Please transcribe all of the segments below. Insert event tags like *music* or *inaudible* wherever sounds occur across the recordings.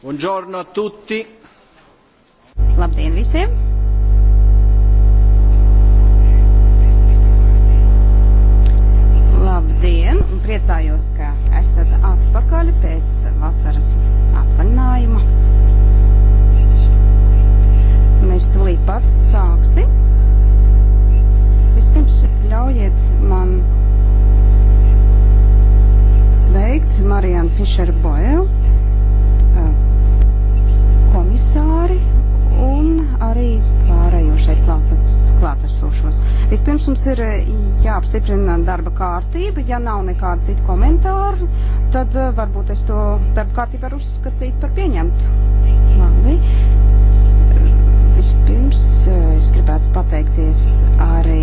Buongiorno a tutti! Labdien visiem! Vispirms mums ir eh, jāapstiprina darba kārtība. Ja nav nekāda cita komentāra, tad eh, varbūt es to darba kārtību varu uzskatīt par pieņemtu. Labi. Vispirms eh, es gribētu pateikties arī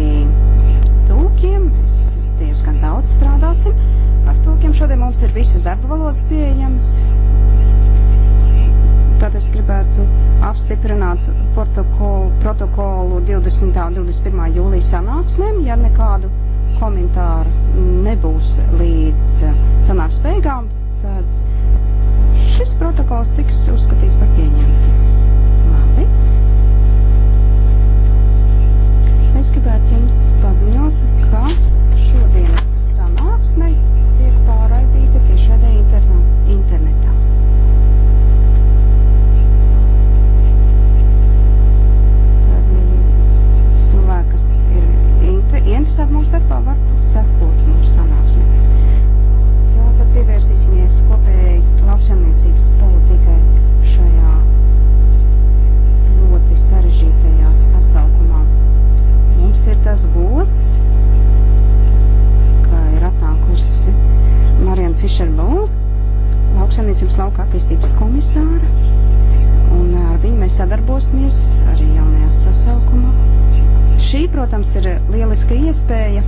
tulkiem. Mēs diezgan daudz strādāsim ar tulkiem. Šodien mums ir visas darba valodas pieejamas tad es gribētu apstiprināt protokolu, protokolu 20. un 21. jūlijas sanāksmēm, ja nekādu komentāru nebūs līdz eh, sanāks beigām, tad šis protokols tiks uzskatīts par pieņemtu. Labi. Es gribētu jums paziņot, ka pārstāv mūsu darbā var sekot mūsu sanāksmi. Jā, tad pievērsīsimies kopēji lauksaimniecības politikai šajā ļoti sarežģītajā sasaukumā. Mums ir tas gods, ka ir atnākusi Marianne Fisherbull, lauksaimniecības lauka attīstības komisāra, un ar viņu mēs sadarbosimies arī jaunajā sasaukumā Šī, protams, ir lieliska iespēja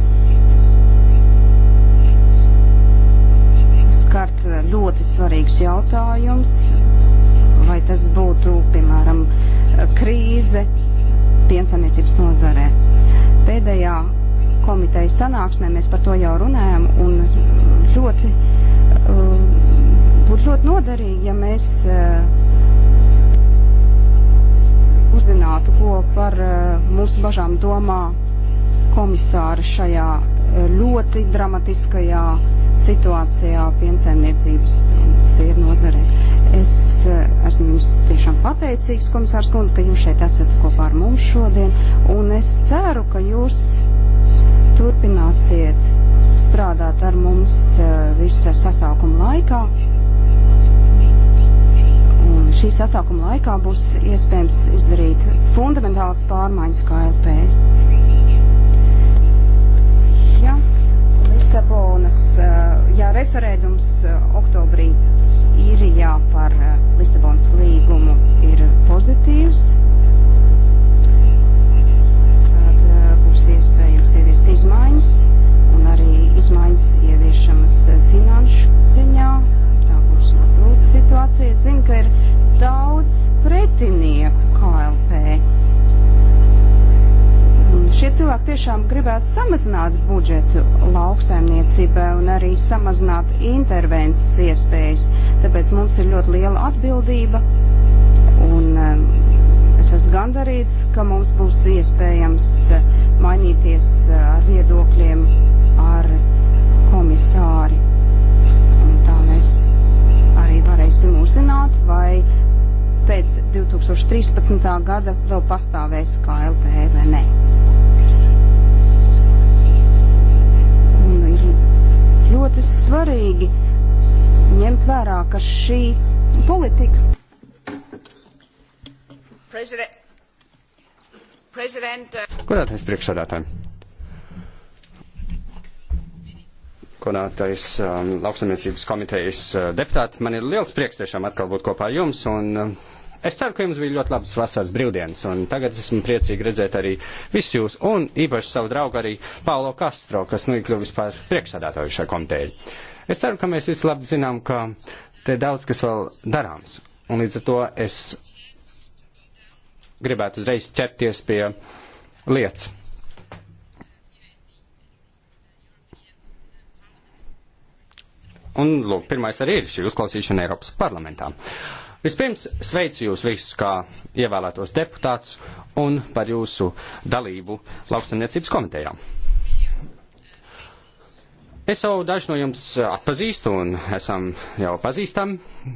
skart ļoti svarīgus jautājumus, vai tas būtu, piemēram, krīze piensaimniecības nozarē. Pēdējā komiteja sanāksmē mēs par to jau runājam un ļoti, uh, būtu ļoti noderīgi, ja mēs uh, uzzinātu, ko par eh, mūsu bažām domā komisāri šajā eh, ļoti dramatiskajā situācijā piensaimniecības un sieru nozarē. Es eh, esmu jums tiešām pateicīgs, komisārs Kundze, ka jūs šeit esat kopā ar mums šodien, un es ceru, ka jūs turpināsiet strādāt ar mums visa sasaukuma laikā šī sasaukuma laikā būs iespējams izdarīt fundamentālas pārmaiņas KLP. Ja Lisabonas, ja referēdums oktobrī īrijā par Lisabonas līgumu ir pozitīvs, tad būs iespējams ieviest izmaiņas un arī izmaiņas ieviešanas finanšu ziņā. Tā būs ļoti grūta situācija. Es zinu, ka ir daudz pretinieku KLP. Un šie cilvēki tiešām gribētu samazināt budžetu lauksaimniecībai un arī samazināt intervences iespējas. Tāpēc mums ir ļoti liela atbildība un um, es esmu gandarīts, ka mums būs iespējams uh, mainīties uh, ar viedokļiem ar komisāri. Un tā mēs arī varēsim uzzināt, vai pēc 2013. gada vēl pastāvēs KLP vai nē. Un ir ļoti svarīgi ņemt vērā, ka šī politika. President. President. Uh- Godātais priekšsādātāji! konātais um, lauksamniecības komitejas uh, deputāti. Man ir liels prieks tiešām atkal būt kopā ar jums. Un, um, Es ceru, ka jums bija ļoti labas vasaras brīvdienas, un tagad esmu priecīgi redzēt arī visus jūs, un īpaši savu draugu arī Paulo Castro, kas nu ir kļuvis par priekšsādātāju šai komitejai. Es ceru, ka mēs visi labi zinām, ka te ir daudz, kas vēl darāms, un līdz ar to es gribētu uzreiz ķerties pie lietas. Un, lūk, pirmais arī ir šī uzklausīšana Eiropas parlamentā. Vispirms sveicu jūs visus kā ievēlētos deputāts un par jūsu dalību lauksaimniecības komitejā. Es jau daži no jums atpazīstu un esam jau pazīstami.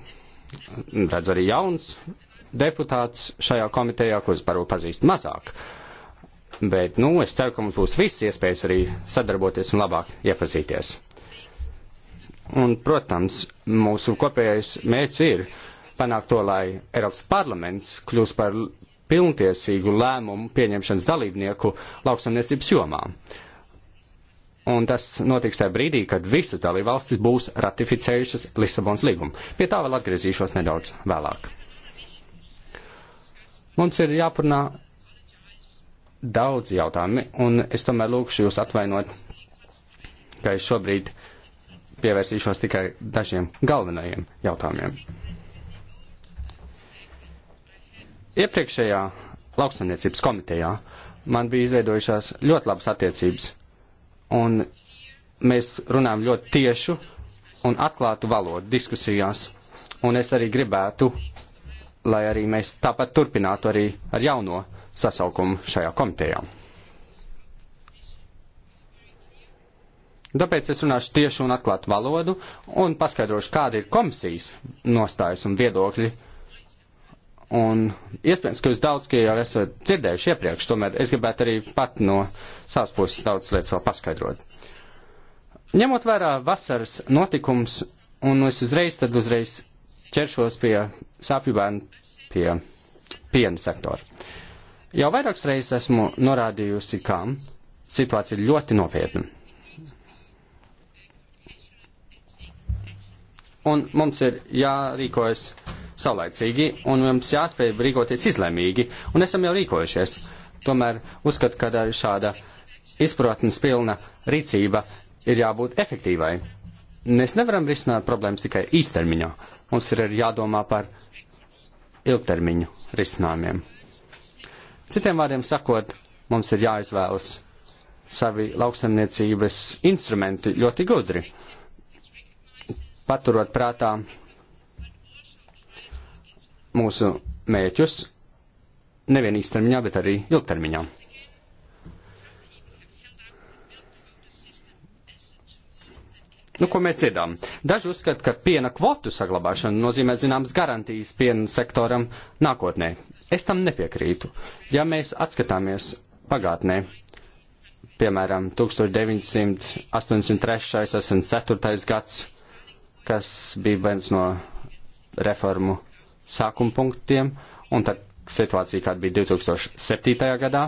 Redzu arī jauns deputāts šajā komitejā, kurus varbūt pazīst mazāk. Bet, nu, es ceru, ka mums būs viss iespējas arī sadarboties un labāk iepazīties. Un, protams, mūsu kopējais mērķis ir panākt to, lai Eiropas parlaments kļūst par pilntiesīgu lēmumu pieņemšanas dalībnieku lauksamniecības jomā. Un tas notiks tajā brīdī, kad visas dalībvalstis būs ratificējušas Lisabons līgumu. Pie tā vēl atgriezīšos nedaudz vēlāk. Mums ir jāpurnā daudz jautājumi, un es tomēr lūkšu jūs atvainot, ka es šobrīd uh, pievērsīšos tikai dažiem galvenajiem jautājumiem. Iepriekšējā lauksaimniecības komitejā man bija izveidojušās ļoti labas attiecības, un mēs runājam ļoti tiešu un atklātu valodu diskusijās, un es arī gribētu, lai arī mēs tāpat turpinātu arī ar jauno sasaukumu šajā komitejā. Tāpēc es runāšu tieši un atklātu valodu un paskaidrošu, kāda ir komisijas nostājas un viedokļi. Un iespējams, ka jūs daudz, ka jau esat dzirdējuši iepriekš, tomēr es gribētu arī pat no savas puses daudz lietas vēl paskaidrot. Ņemot vērā vasaras notikums, un es uzreiz tad uzreiz ķeršos pie sāpju bērnu, pie piena sektora. Jau vairākas reizes esmu norādījusi, kā situācija ir ļoti nopietna. un mums ir jārīkojas saulaicīgi, un mums jāspēj rīkoties izlēmīgi, un esam jau rīkojušies. Tomēr uzskat, ka šāda izprotnes pilna rīcība ir jābūt efektīvai. Mēs nevaram risināt problēmas tikai īstermiņā. Mums ir jādomā par ilgtermiņu risinājumiem. Citiem vārdiem sakot, mums ir jāizvēlas savi lauksaimniecības instrumenti ļoti gudri paturot prātā mūsu mērķus nevien īstermiņā, bet arī ilgtermiņā. Nu, ko mēs dzirdām? Daži uzskata, ka piena kvotu saglabāšana nozīmē zināmas garantijas piena sektoram nākotnē. Es tam nepiekrītu. Ja mēs atskatāmies pagātnē, piemēram, 1983. 84. gads, kas bija viens no reformu sākuma punktiem, un tad situācija, kāda bija 2007. gadā.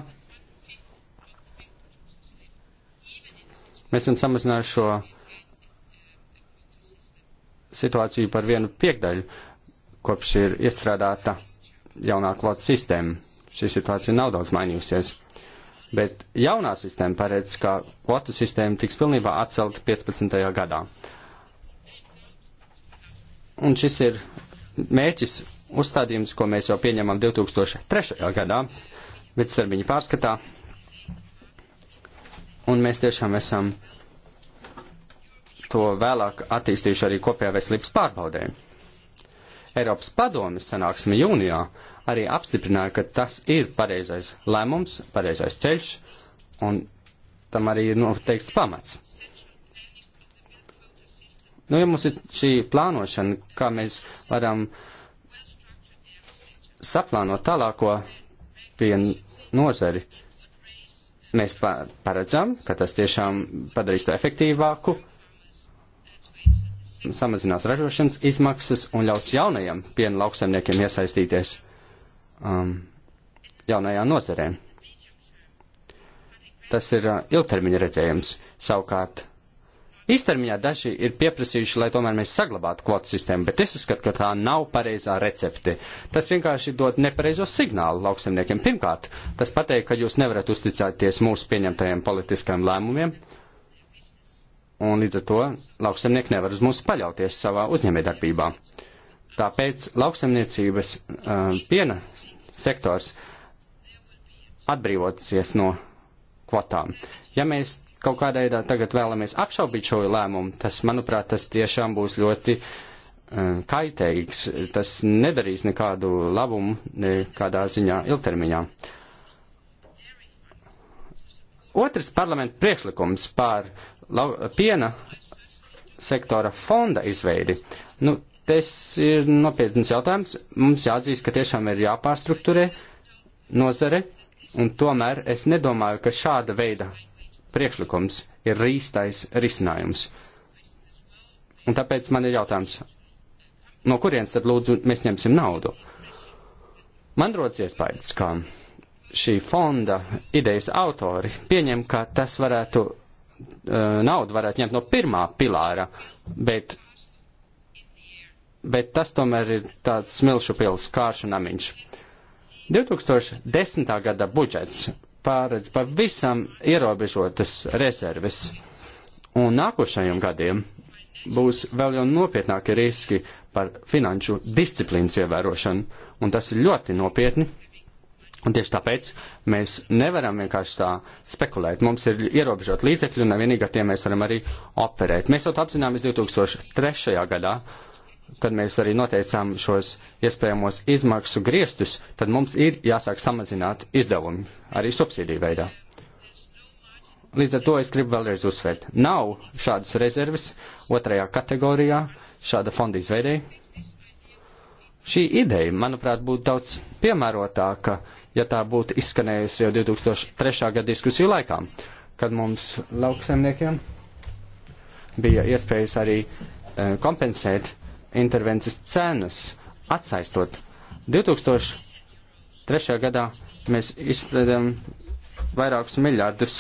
Mēs esam samazinājuši šo situāciju par vienu piekdaļu, kopš ir iestrādāta jaunā kvotu sistēma. Šī situācija nav daudz mainījusies. Bet jaunā sistēma paredz, ka kvotu sistēma tiks pilnībā atcelta 15. gadā. Un šis ir mērķis, uzstādījums, ko mēs jau pieņemam 2003. gadā, vidustermiņa pārskatā. Un mēs tiešām esam to vēlāk attīstījuši arī kopējā veselības pārbaudē. Eiropas padomis sanāksme jūnijā arī apstiprināja, ka tas ir pareizais lēmums, pareizais ceļš, un tam arī ir noteikts pamats. Nu, ja mums ir šī plānošana, kā mēs varam saplānot tālāko pienu nozari, mēs paredzam, ka tas tiešām padarīs to efektīvāku, samazinās ražošanas izmaksas un ļaus jaunajiem piena lauksaimniekiem iesaistīties um, jaunajā nozarē. Tas ir uh, ilgtermiņa redzējums. Savukārt Īstermiņā daži ir pieprasījuši, lai tomēr mēs saglabātu kvotu sistēmu, bet es uzskatu, ka tā nav pareizā recepte. Tas vienkārši dod nepareizo signālu lauksemniekiem. Pirmkārt, tas pateikt, ka jūs nevarat uzticēties mūsu pieņemtajiem politiskajiem lēmumiem, un līdz ar to lauksemnieki nevar uz mums paļauties savā uzņēmējdarbībā. Tāpēc lauksemniecības uh, piena sektors atbrīvoties no kvotām. Ja mēs kaut kādā veidā tagad vēlamies apšaubīt šo lēmumu, tas, manuprāt, tas tiešām būs ļoti uh, eh, kaiteigs. Tas nedarīs nekādu labumu nekādā ziņā ilgtermiņā. Otrs parlamenta priekšlikums par lau, piena sektora fonda izveidi. Nu, tas ir nopietns jautājums. Mums jāatzīst, ka tiešām ir jāpārstrukturē nozare, un tomēr es nedomāju, ka šāda veida priekšlikums ir īstais risinājums. Un tāpēc man ir jautājums, no kurienes tad lūdzu mēs ņemsim naudu? Man rodas iespējas, ka šī fonda idejas autori pieņem, ka tas varētu, eh, naudu varētu ņemt no pirmā pilāra, bet, bet tas tomēr ir tāds smilšu pils, kāršu namiņš. 2010. gada budžets pārredz pavisam ierobežotas rezerves. Un nākošajiem gadiem būs vēl jau nopietnāki riski par finanšu disciplīnas ievērošanu, un tas ir ļoti nopietni. Un tieši tāpēc mēs nevaram vienkārši tā spekulēt. Mums ir ierobežot līdzekļi, un vienīgi ar tiem mēs varam arī operēt. Mēs jau apzināmies 2003. gadā, kad mēs arī noteicām šos iespējamos izmaksu griestus, tad mums ir jāsāk samazināt izdevumi arī subsīdiju veidā. Līdz ar to es gribu vēlreiz uzsvērt. Nav šādas rezerves otrajā kategorijā šāda fonda izveidei. Šī ideja, manuprāt, būtu daudz piemērotāka, ja tā būtu izskanējusi jau 2003. gada diskusiju laikā, kad mums lauksaimniekiem bija iespējas arī eh, kompensēt intervences cenas atsaistot. 2003. gadā mēs izslēdzam vairākus miljārdus,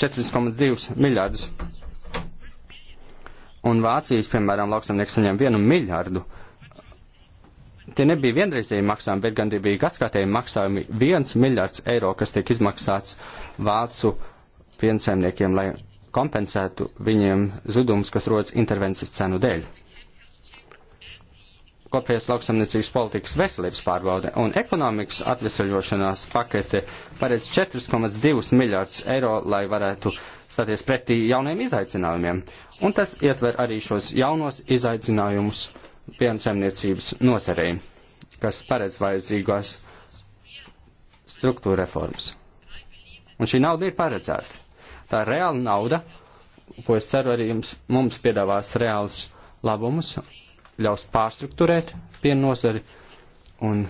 14,2 miljārdus. Un Vācijas, piemēram, lauksamnieks saņem vienu miljārdu. Tie nebija vienreizēji maksājumi, bet gan tie bija gadskārtēji maksājumi. Viens miljārds eiro, kas tiek izmaksāts Vācu piensaimniekiem, lai kompensētu viņiem zudumus, kas rodas intervences cenu dēļ. Kopējais lauksamniecības politikas veselības pārbaude un ekonomikas atvesaļošanās pakete paredz 4,2 miljārdus eiro, lai varētu stāties pretī jauniem izaicinājumiem. Un tas ietver arī šos jaunos izaicinājumus piensaimniecības nozarei, kas paredz vajadzīgās struktūra reformas. Un šī nauda ir paredzēta Tā ir reāla nauda, ko es ceru arī jums, mums piedāvās reāls labumus, ļaus pārstruktūrēt pienu nozari un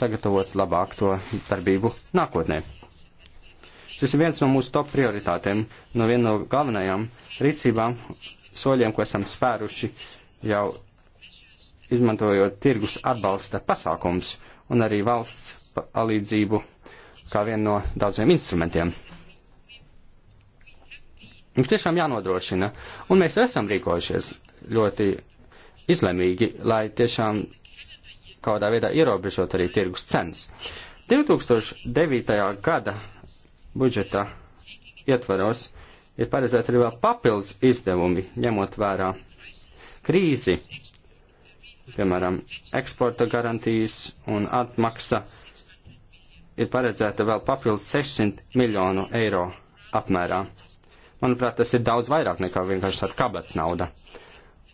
sagatavot labāk to darbību nākotnē. Tas ir viens no mūsu top prioritātēm, no viena no galvenajām rīcībām, soļiem, ko esam spēruši jau izmantojot tirgus atbalsta pasākums un arī valsts palīdzību kā vienu no daudziem instrumentiem. Mums tiešām jānodrošina, un mēs esam rīkojušies ļoti izlemīgi, lai tiešām kādā veidā ierobežot arī tirgus cenas. 2009. gada budžeta ietvaros ir paredzēti arī vēl papildus izdevumi, ņemot vērā krīzi, piemēram, eksporta garantijas un atmaksa ir paredzēta vēl papildus 600 miljonu eiro apmērā. Manuprāt, tas ir daudz vairāk nekā vienkārši ar kabats nauda.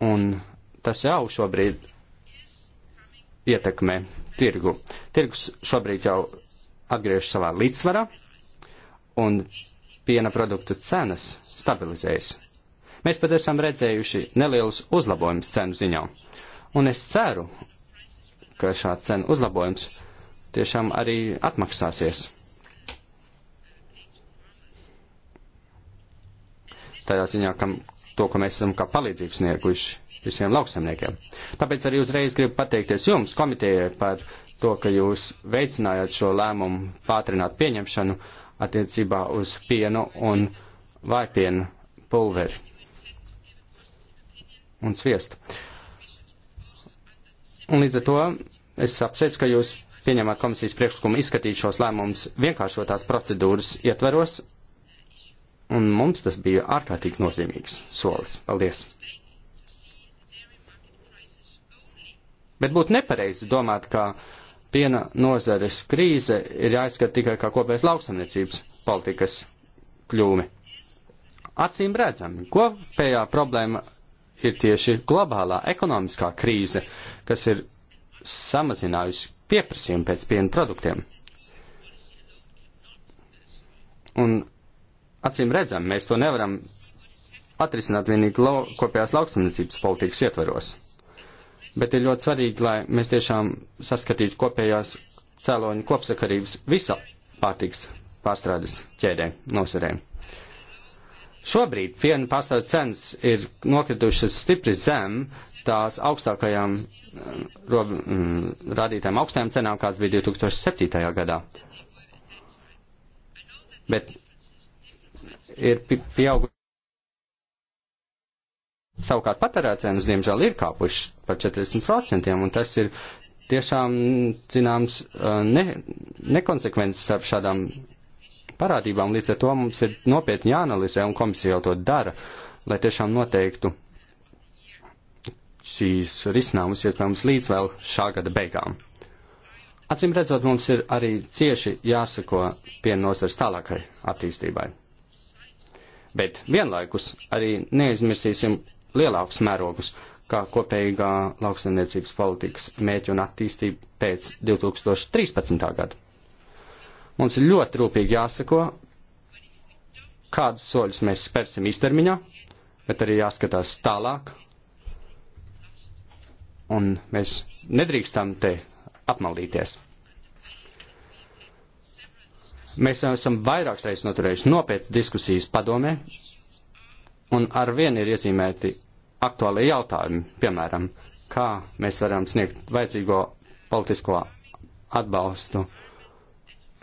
Un tas jau šobrīd ietekmē tirgu. Tirgus šobrīd jau atgriež savā līdzsvarā, un piena produktu cenas stabilizējas. Mēs pat esam redzējuši nelielus uzlabojumus cenu ziņā, un es ceru, ka šāds cenu uzlabojums tiešām arī atmaksāsies. tādā ziņā, ka to, ko mēs esam kā palīdzību snieguši visiem lauksemniekiem. Tāpēc arī uzreiz gribu pateikties jums, komitejai, par to, ka jūs veicinājāt šo lēmumu pātrināt pieņemšanu attiecībā uz pienu un vaipienu pulveri un sviestu. Un līdz ar to es apsveicu, ka jūs pieņemat komisijas priekšlikumu izskatīt šos lēmumus vienkāršotās procedūras ietveros Un mums tas bija ārkārtīgi nozīmīgs solis. Paldies! Bet būtu nepareizi domāt, ka piena nozares krīze ir jāizskata tikai kā kopējas lauksamniecības politikas kļūme. Acīm redzami, kopējā problēma ir tieši globālā ekonomiskā krīze, kas ir samazinājusi pieprasījumu pēc piena produktiem. Un acīm redzam, mēs to nevaram atrisināt vienīgi lau, kopējās lauksamniecības politikas ietveros. Bet ir ļoti svarīgi, lai mēs tiešām saskatītu kopējās cēloņu kopsakarības visā pārtiks pārstrādes ķēdē, noserē. Šobrīd piena pārstrādes cenas ir nokritušas stipri zem tās augstākajām eh, mm, rādītājām augstajām cenām, kāds bija 2007. gadā. Bet ir pieauguši. Savukārt patērētājiem, diemžēl, ir kāpuši par 40%, un tas ir tiešām, zināms, ne, nekonsekvences starp šādām parādībām. Līdz ar to mums ir nopietni jāanalizē, un komisija jau to dara, lai tiešām noteiktu šīs risinājumus iespējams līdz vēl šā gada beigām. Acīm redzot, mums ir arī cieši jāsako piena nozars tālākai attīstībai bet vienlaikus arī neaizmirsīsim lielākus mērogus, kā kopējā lauksaimniecības politikas mēķi un attīstība pēc 2013. gada. Mums ir ļoti rūpīgi jāsako, kādus soļus mēs spērsim īstermiņā, bet arī jāskatās tālāk. Un mēs nedrīkstam te apmaldīties. Mēs esam vairākas reizes noturējuši nopietnas diskusijas padomē, un ar vienu ir iezīmēti aktuālie jautājumi, piemēram, kā mēs varam sniegt vajadzīgo politisko atbalstu,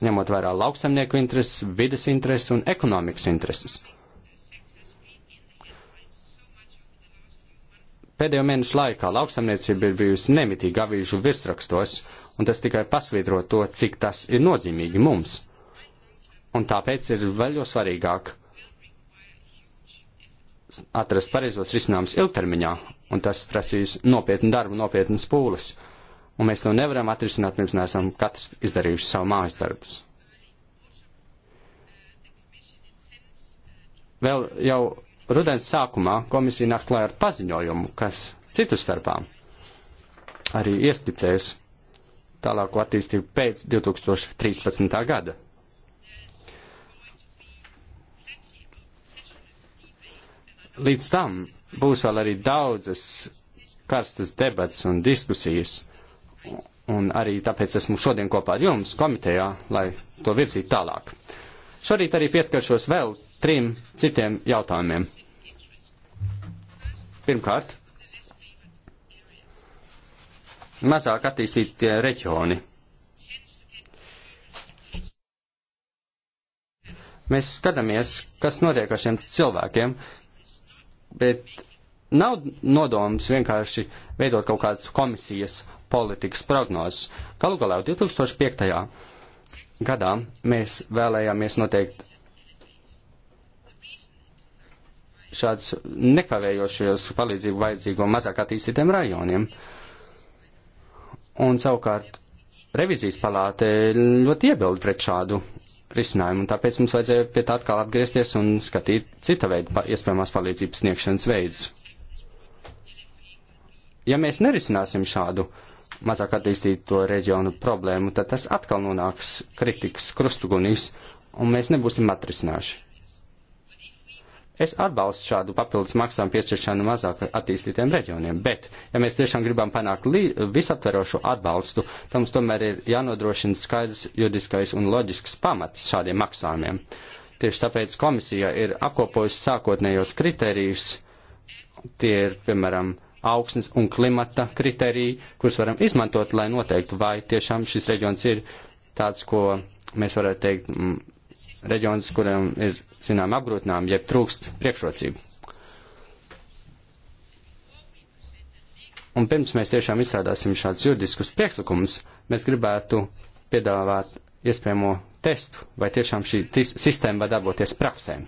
ņemot vērā lauksaimnieku intereses, vides intereses un ekonomikas intereses. Pēdējo mēnešu laikā lauksaimniecība ir bijusi nemitīgi avīžu virsrakstos, un tas tikai pasvītro to, cik tas ir nozīmīgi mums. Un tāpēc ir vēl jo svarīgāk atrast pareizos risinājumus ilgtermiņā, un tas prasīs nopietnu darbu, nopietnas pūles. Un mēs to nevaram atrisināt, pirms neesam katrs izdarījuši savu mājas darbus. Vēl jau rudens sākumā komisija nāk klāja ar paziņojumu, kas citu starpā arī ieskicēs tālāko attīstību pēc 2013. gada. Līdz tam būs vēl arī daudzas karstas debats un diskusijas, un arī tāpēc esmu šodien kopā ar jums komitejā, lai to virzītu tālāk. Šorīt arī pieskaršos vēl trim citiem jautājumiem. Pirmkārt, mazāk attīstītie reģioni. Mēs skatāmies, kas notiek ar šiem cilvēkiem, bet nav nodoms vienkārši veidot kaut kādas komisijas politikas prognozes. Galu galā jau 2005. gadā mēs vēlējāmies noteikt šāds nekavējošos palīdzību vajadzīgo mazāk attīstītiem rajoniem. Un savukārt revizijas palāte ļoti iebilda pret šādu risinājumu, un tāpēc mums vajadzēja pie tā atkal atgriezties un skatīt cita veida iespējamās palīdzības sniegšanas veidus. Ja mēs nerisināsim šādu mazāk attīstīto reģionu problēmu, tad tas atkal nonāks kritikas krustugunīs, un mēs nebūsim atrisināši. Es atbalstu šādu papildus maksājumu piešķiršanu mazāk attīstītiem reģioniem, bet, ja mēs tiešām gribam panākt visaptverošu atbalstu, tad mums tomēr ir jānodrošina skaidrs juridiskais un loģisks pamats šādiem maksājumiem. Tieši tāpēc komisija ir apkopojusi sākotnējos kriterijus, tie ir, piemēram, augsnes un klimata kriteriji, kurus varam izmantot, lai noteiktu, vai tiešām šis reģions ir tāds, ko mēs varētu teikt, mm, reģionus, kuriem ir, zinām, apgrūtinām, jeb trūkst priekšrocību. Un pirms mēs tiešām izstrādāsim šādus juridiskus priekšlikumus, mēs gribētu piedāvāt iespējamo testu, vai tiešām šī tis, sistēma var darboties praksēm.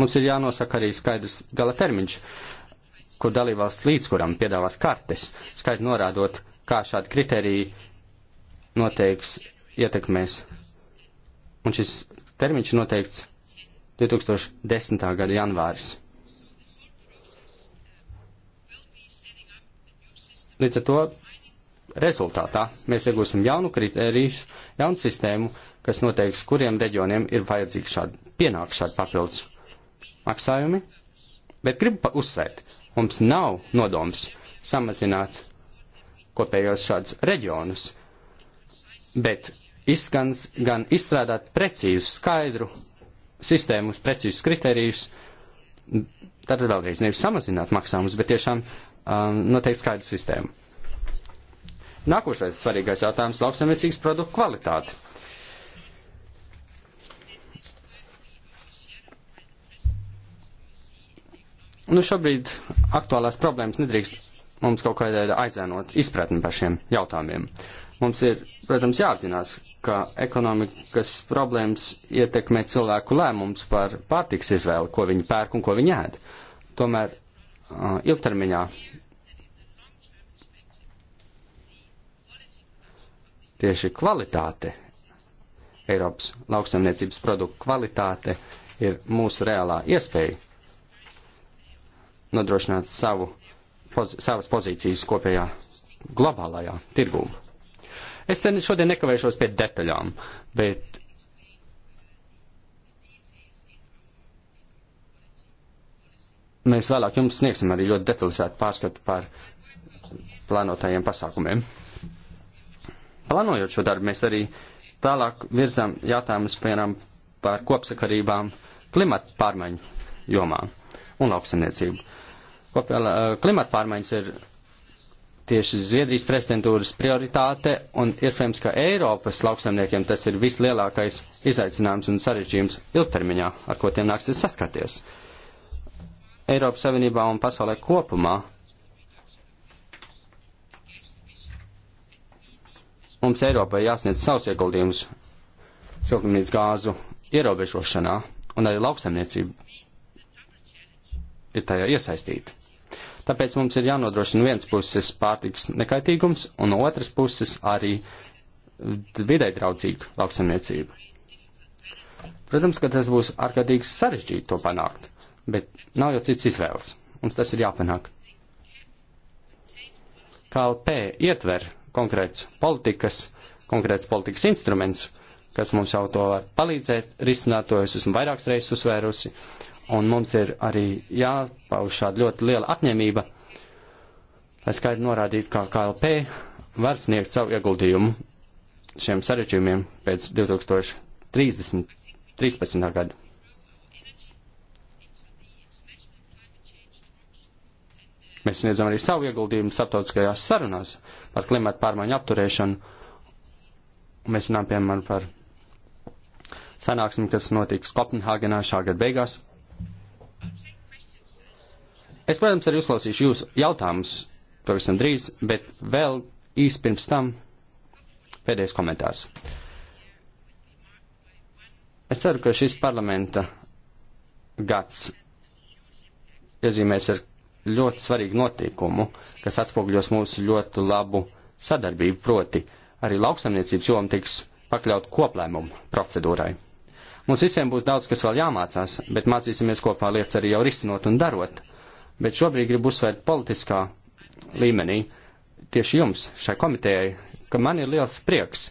Mums ir jānosaka arī skaidrs gala termiņš, kur dalībvalsts līdz kuram piedāvās kartes, skaidri norādot, kā šādi kriteriji noteikts ietekmēs. Un šis termiņš ir noteikts 2010. gada janvāris. Līdz ar to rezultātā mēs iegūsim jaunu kritēriju, jaunu sistēmu, kas noteiks, kuriem reģioniem ir vajadzīgi šādi pienāk šādi papildus maksājumi. Bet gribu uzsvērt, mums nav nodoms samazināt kopējos šādus reģionus, bet gan, gan izstrādāt precīzu, skaidru sistēmu, precīzus kritērijus, tad vēlreiz nevis samazināt maksājumus, bet tiešām um, noteikt skaidru sistēmu. Nākošais svarīgais jautājums - lauksaimniecības produktu kvalitāte. Nu, šobrīd aktuālās problēmas nedrīkst mums kaut kādā veidā aizēnot izpratni par šiem jautājumiem. Uh, Mums ir, protams, jāapzinās, ka ekonomikas problēmas ietekmē cilvēku lēmums par pārtiks izvēli, ko viņi pērk un ko viņi ēd. Tomēr uh, ilgtermiņā tieši kvalitāte, Eiropas lauksaimniecības produktu kvalitāte ir mūsu reālā iespēja nodrošināt savu, poz, savas pozīcijas kopējā globālajā tirgū. Es te šodien nekavēšos pie detaļām, bet mēs vēlāk jums sniegsim arī ļoti detalizētu pārskatu par plānotajiem pasākumiem. Plānojot šo darbu, mēs arī tālāk virzām jautājumus, piemēram, par kopsakarībām klimata pārmaiņu jomā un lauksamniecību. Kopēl, klimata pārmaiņas ir tieši Zviedrijas prezidentūras prioritāte un iespējams, ka Eiropas lauksaimniekiem tas ir vislielākais izaicinājums un sarežģījums ilgtermiņā, ar ko tiem nāksies saskarties. Eiropas Savienībā un pasaulē kopumā mums Eiropai jāsniedz savs ieguldījums siltumnīcas gāzu ierobežošanā, un arī lauksaimniecība ir tajā iesaistīta. Tāpēc mums ir jānodrošina viens puses pārtiks nekaitīgums un otras puses arī vidē draudzīga lauksamniecība. Protams, ka tas būs ārkārtīgi sarežģīti to panākt, bet nav jau cits izvēles. Mums tas ir jāpanāk. KLP ietver konkrēts politikas, konkrēts politikas instruments, kas mums jau to var palīdzēt risināt, to es esmu vairākas reizes uzsvērusi. Uh, un mums ir arī jāpauž šāda ļoti liela apņēmība, lai skaidri norādītu, kā KLP var sniegt savu ieguldījumu šiem sarežģījumiem pēc 2030. 13. gada. Mēs sniedzam arī savu ieguldījumu starptautiskajās sarunās par klimatu pārmaiņu apturēšanu. Mēs runājam, piemēram, par sanāksmi, kas notiks Kopenhāgenā šā gada beigās. Es, protams, arī uzklausīšu jūsu jautājumus pavisam drīz, bet vēl īsi pirms tam pēdējais komentārs. Es ceru, ka šis parlamenta gads iezīmēs ar ļoti svarīgu notikumu, kas atspogļos mūsu ļoti labu sadarbību, proti arī lauksamniecības joma tiks pakļaut koplēmumu procedūrai. Mums visiem būs daudz, kas vēl jāmācās, bet mācīsimies kopā lietas arī jau risinot un darot. Bet šobrīd gribu uzsvērt politiskā līmenī tieši jums, šai komitejai, ka man ir liels prieks,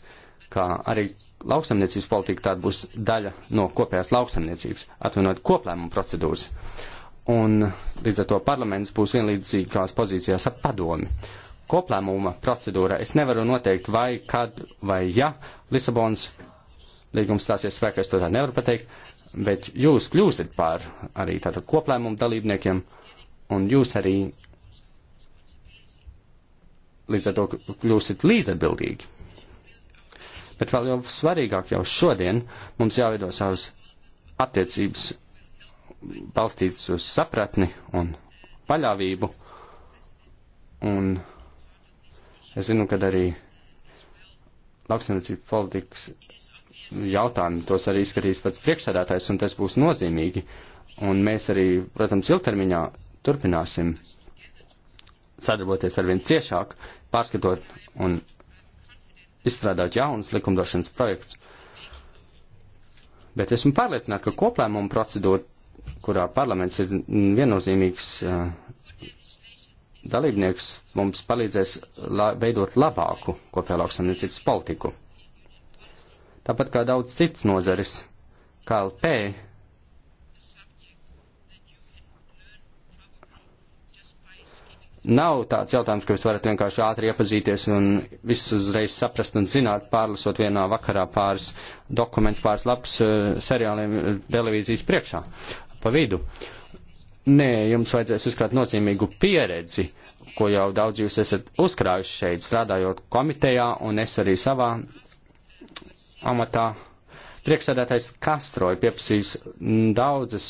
ka arī lauksamniecības politika tāda būs daļa no kopējās lauksamniecības, atvinot koplēmumu procedūras. Un līdz ar to parlaments būs vienlīdzīgās pozīcijās ar padomi koplēmuma procedūra. Es nevaru noteikt, vai, kad vai ja Lisabons līgums stāsies spēkā, es to tā nevaru pateikt, bet jūs kļūsiet par arī tātad koplēmumu dalībniekiem, un jūs arī līdz ar to kļūsiet līdzatbildīgi. Bet vēl jau svarīgāk jau šodien mums jāveido savas attiecības balstītas uz sapratni un paļāvību. Un es zinu, ka arī lauksaimniecības politikas jautājumu tos arī izskatīs pats priekšsēdētājs, un tas būs nozīmīgi. Un mēs arī, protams, ilgtermiņā turpināsim sadarboties arvien ciešāk, pārskatot un izstrādāt jaunus likumdošanas projektus. Bet esmu pārliecināta, ka koplēmuma procedūra, kurā parlaments ir viennozīmīgs eh, dalībnieks, mums palīdzēs la veidot labāku kopējā lauksamniecības politiku tāpat kā daudz cits nozaris, kā LP. Nav tāds jautājums, ka jūs varat vienkārši ātri iepazīties un visus uzreiz saprast un zināt, pārlasot vienā vakarā pāris dokuments, pāris labs eh, seriāliem eh, televīzijas priekšā pa vidu. Nē, jums vajadzēs uzkrāt nozīmīgu pieredzi, ko jau daudz jūs esat uzkrājuši šeit, strādājot komitejā un es arī savā amatā priekšsēdētais Kastroja pieprasīs daudzas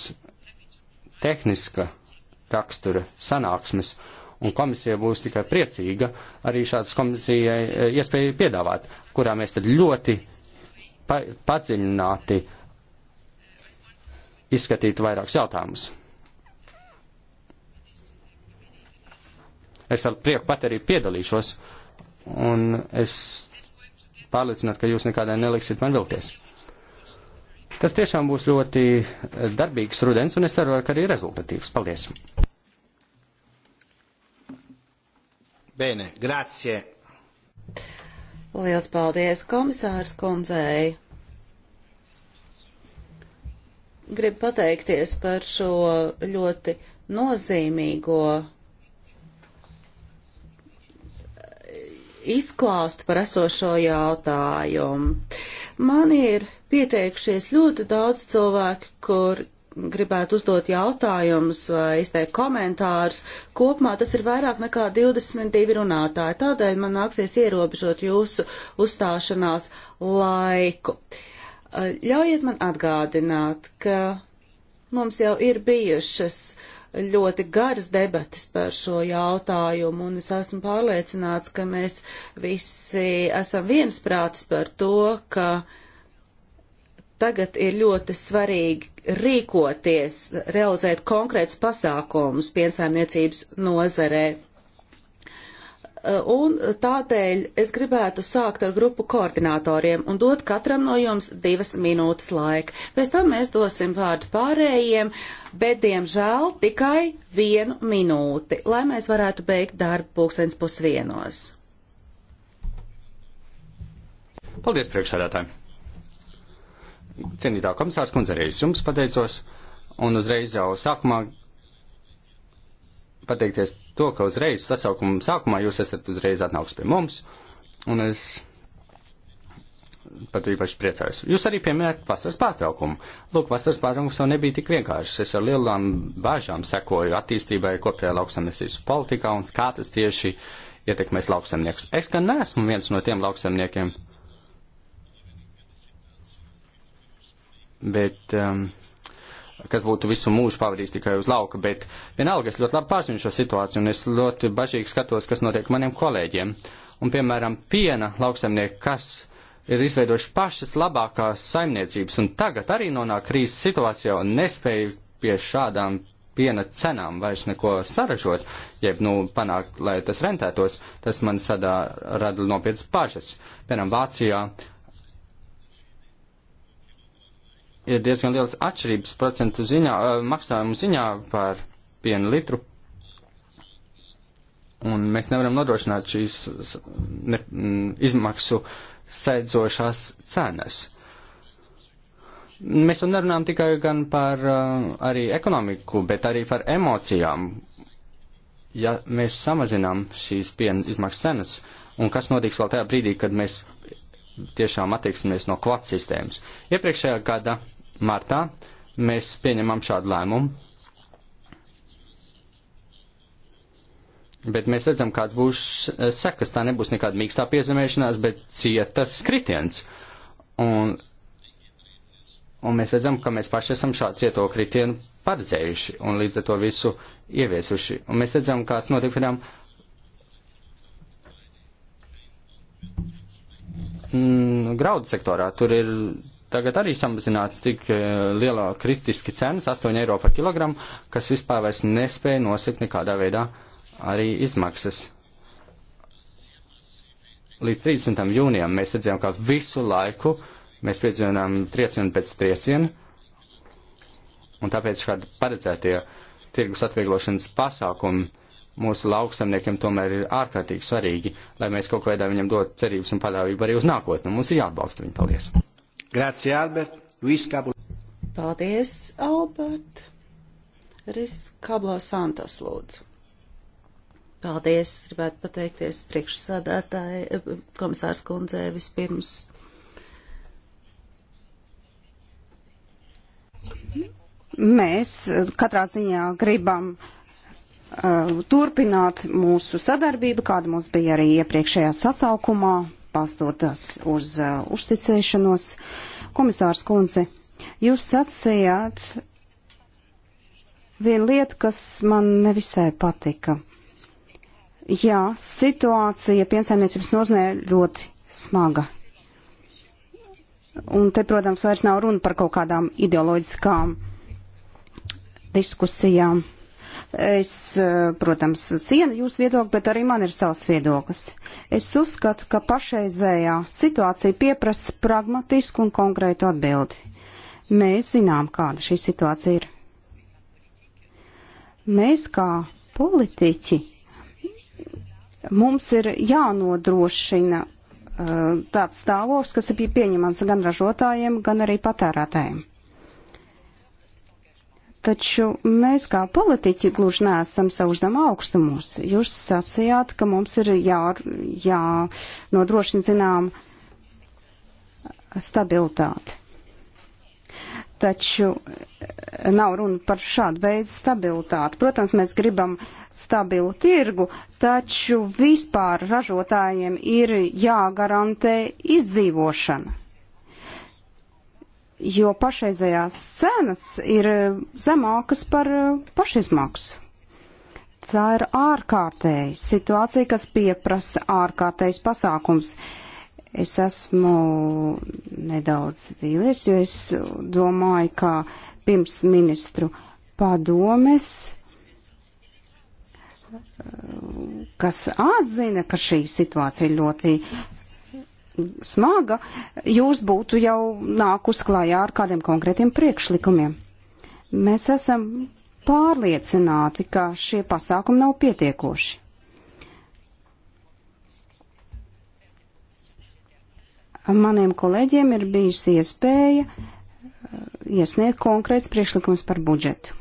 tehniska rakstura sanāksmes, un komisija būs tikai priecīga arī šādas komisijai e, iespēju piedāvāt, kurā mēs tad ļoti pa padziļināti izskatītu vairākus jautājumus. Es ar prieku pat arī piedalīšos, un es pārliecināt, ka jūs nekādā neliksiet man vilties. Tas tiešām būs ļoti darbīgs rudens, un es ceru, ka arī rezultatīvs. Paldies! Bene, grazie! Lielas paldies komisārs kundzei! Gribu pateikties par šo ļoti nozīmīgo izklāstu par esošo jautājumu. Man ir pieteikušies ļoti daudz cilvēku, kur gribētu uzdot jautājumus vai izteikt komentārus. Kopumā tas ir vairāk nekā 22 runātāji, tādēļ man nāksies ierobežot jūsu uzstāšanās laiku. Ļaujiet man atgādināt, ka mums jau ir bijušas uh, ļoti garas debatas par šo jautājumu, un es esmu pārliecināts, ka mēs visi esam viensprātis par to, ka tagad ir ļoti svarīgi rīkoties, realizēt konkrēts pasākums piensaimniecības nozarē. Un tādēļ es gribētu sākt ar grupu koordinatoriem un dot katram no jums divas minūtes laika. Pēc tam mēs dosim vārdu pārējiem, bet diemžēl tikai vienu minūti, lai mēs varētu beigt darbu pulkstens pusvienos. Paldies, priekšsēdētāji! Cienītā komisārs kundze, arī es jums pateicos, un uzreiz jau sākumā pateikties to, ka uzreiz sasaukuma sākumā jūs esat uzreiz atnāks pie mums, un es pat īpaši priecājos. Jūs arī pieminējat vasaras pārtraukumu. Lūk, vasaras pārtraukums jau nebija tik vienkāršs. Es ar lielām bāžām sekoju attīstībai kopējā lauksamniecības politikā un kā tas tieši ietekmēs lauksamniekus. Es gan neesmu viens no tiem lauksamniekiem, bet. Um, kas būtu visu mūžu pavadījis tikai uz lauka, bet vienalga es ļoti labi pārzinu šo situāciju un es ļoti bažīgi skatos, kas notiek maniem kolēģiem. Un, piemēram, piena lauksaimnieki, kas ir izveidojuši pašas labākās saimniecības un tagad arī nonāk krīzes situācijā un nespēja pie šādām piena cenām vairs neko saražot, jeb, nu, panākt, lai tas rentētos, tas man sadā rada nopietnas pažas. Piemēram, Vācijā ir diezgan liels atšķirības procentu ziņā, eh, maksājumu ziņā par pienu litru. Un mēs nevaram nodrošināt šīs ne, mm, izmaksu sēdzošās cenas. Mēs jau nerunājam tikai gan par eh, arī ekonomiku, bet arī par emocijām. Ja mēs samazinām šīs piena izmaksu cenas, un kas notiks vēl tajā brīdī, kad mēs tiešām attieksimies no kvats sistēmas. Iepriekšējā gada martā mēs pieņemam šādu lēmumu. Bet mēs redzam, kāds būs eh, sekas. Tā nebūs nekāda mīkstā piezemēšanās, bet cietas kritiens. Un, un mēs redzam, ka mēs paši esam šādu cieto kritienu paredzējuši un līdz ar to visu ieviesuši. Un mēs redzam, kāds notiek, piemēram, mm, graudu sektorā. Tur ir tagad arī samazināts tik eh, lielā kritiski cenas, 8 eiro par kilogramu, kas vispār vairs nespēja nosekt nekādā veidā arī izmaksas. Līdz 30. jūnijam mēs redzējām, ka visu laiku mēs piedzīvojām triecienu pēc triecienu, un tāpēc šādi paredzētie tirgus atvieglošanas pasākumi mūsu lauksamniekiem tomēr ir ārkārtīgi svarīgi, lai mēs kaut kādā veidā viņam dotu cerības un paļāvību arī uz nākotni. Mums ir jāatbalsta viņu. Paldies! Grazie, Albert. Luis Capulo. Paldies, Albert. Ris Kablo Santos lūdzu. Paldies, gribētu pateikties priekšsādātāji, eh, komisārs kundzē vispirms. Mēs eh, katrā ziņā gribam uh, turpināt mūsu sadarbību, kāda mums bija arī iepriekšējā sasaukumā, balstoties uz uh, uzticēšanos. Komisārs Kunze, jūs sacījāt vienu lietu, kas man nevisai patika. Jā, situācija piensaimniecības nozīmē ļoti smaga. Un te, protams, vairs nav runa par kaut kādām ideoloģiskām diskusijām. Es, eh, protams, cienu jūsu viedokli, bet arī man ir savs viedoklis. Es uzskatu, ka pašreizējā situācija pieprasa pragmatisku un konkrētu atbildi. Mēs zinām, kāda šī situācija ir. Mēs kā politiķi, mums ir jānodrošina eh, tāds stāvoklis, kas ir pieņemams gan ražotājiem, gan arī patērētājiem. Taču mēs kā politiķi gluži neesam savu uzdevumu augstumos. Jūs sacījāt, ka mums ir jā, jānodrošina zinām stabilitāti. Taču nav runa par šādu veidu stabilitāti. Protams, mēs gribam stabilu tirgu, taču vispār ražotājiem ir jāgarantē izdzīvošana jo pašreizējās cenas ir e, zemākas par e, pašizmaksu. Tā ir ārkārtēja situācija, kas pieprasa ārkārtējs pasākums. Es esmu nedaudz vīlies, jo es domāju, ka pirms ministru padomes e, kas atzina, ka šī situācija ir ļoti smaga, jūs būtu jau nākus klājā ar kādiem konkrētiem priekšlikumiem. Mēs esam pārliecināti, ka šie pasākumi nav pietiekoši. Maniem kolēģiem ir bijusi iespēja uh, iesniegt konkrēts priekšlikums par budžetu.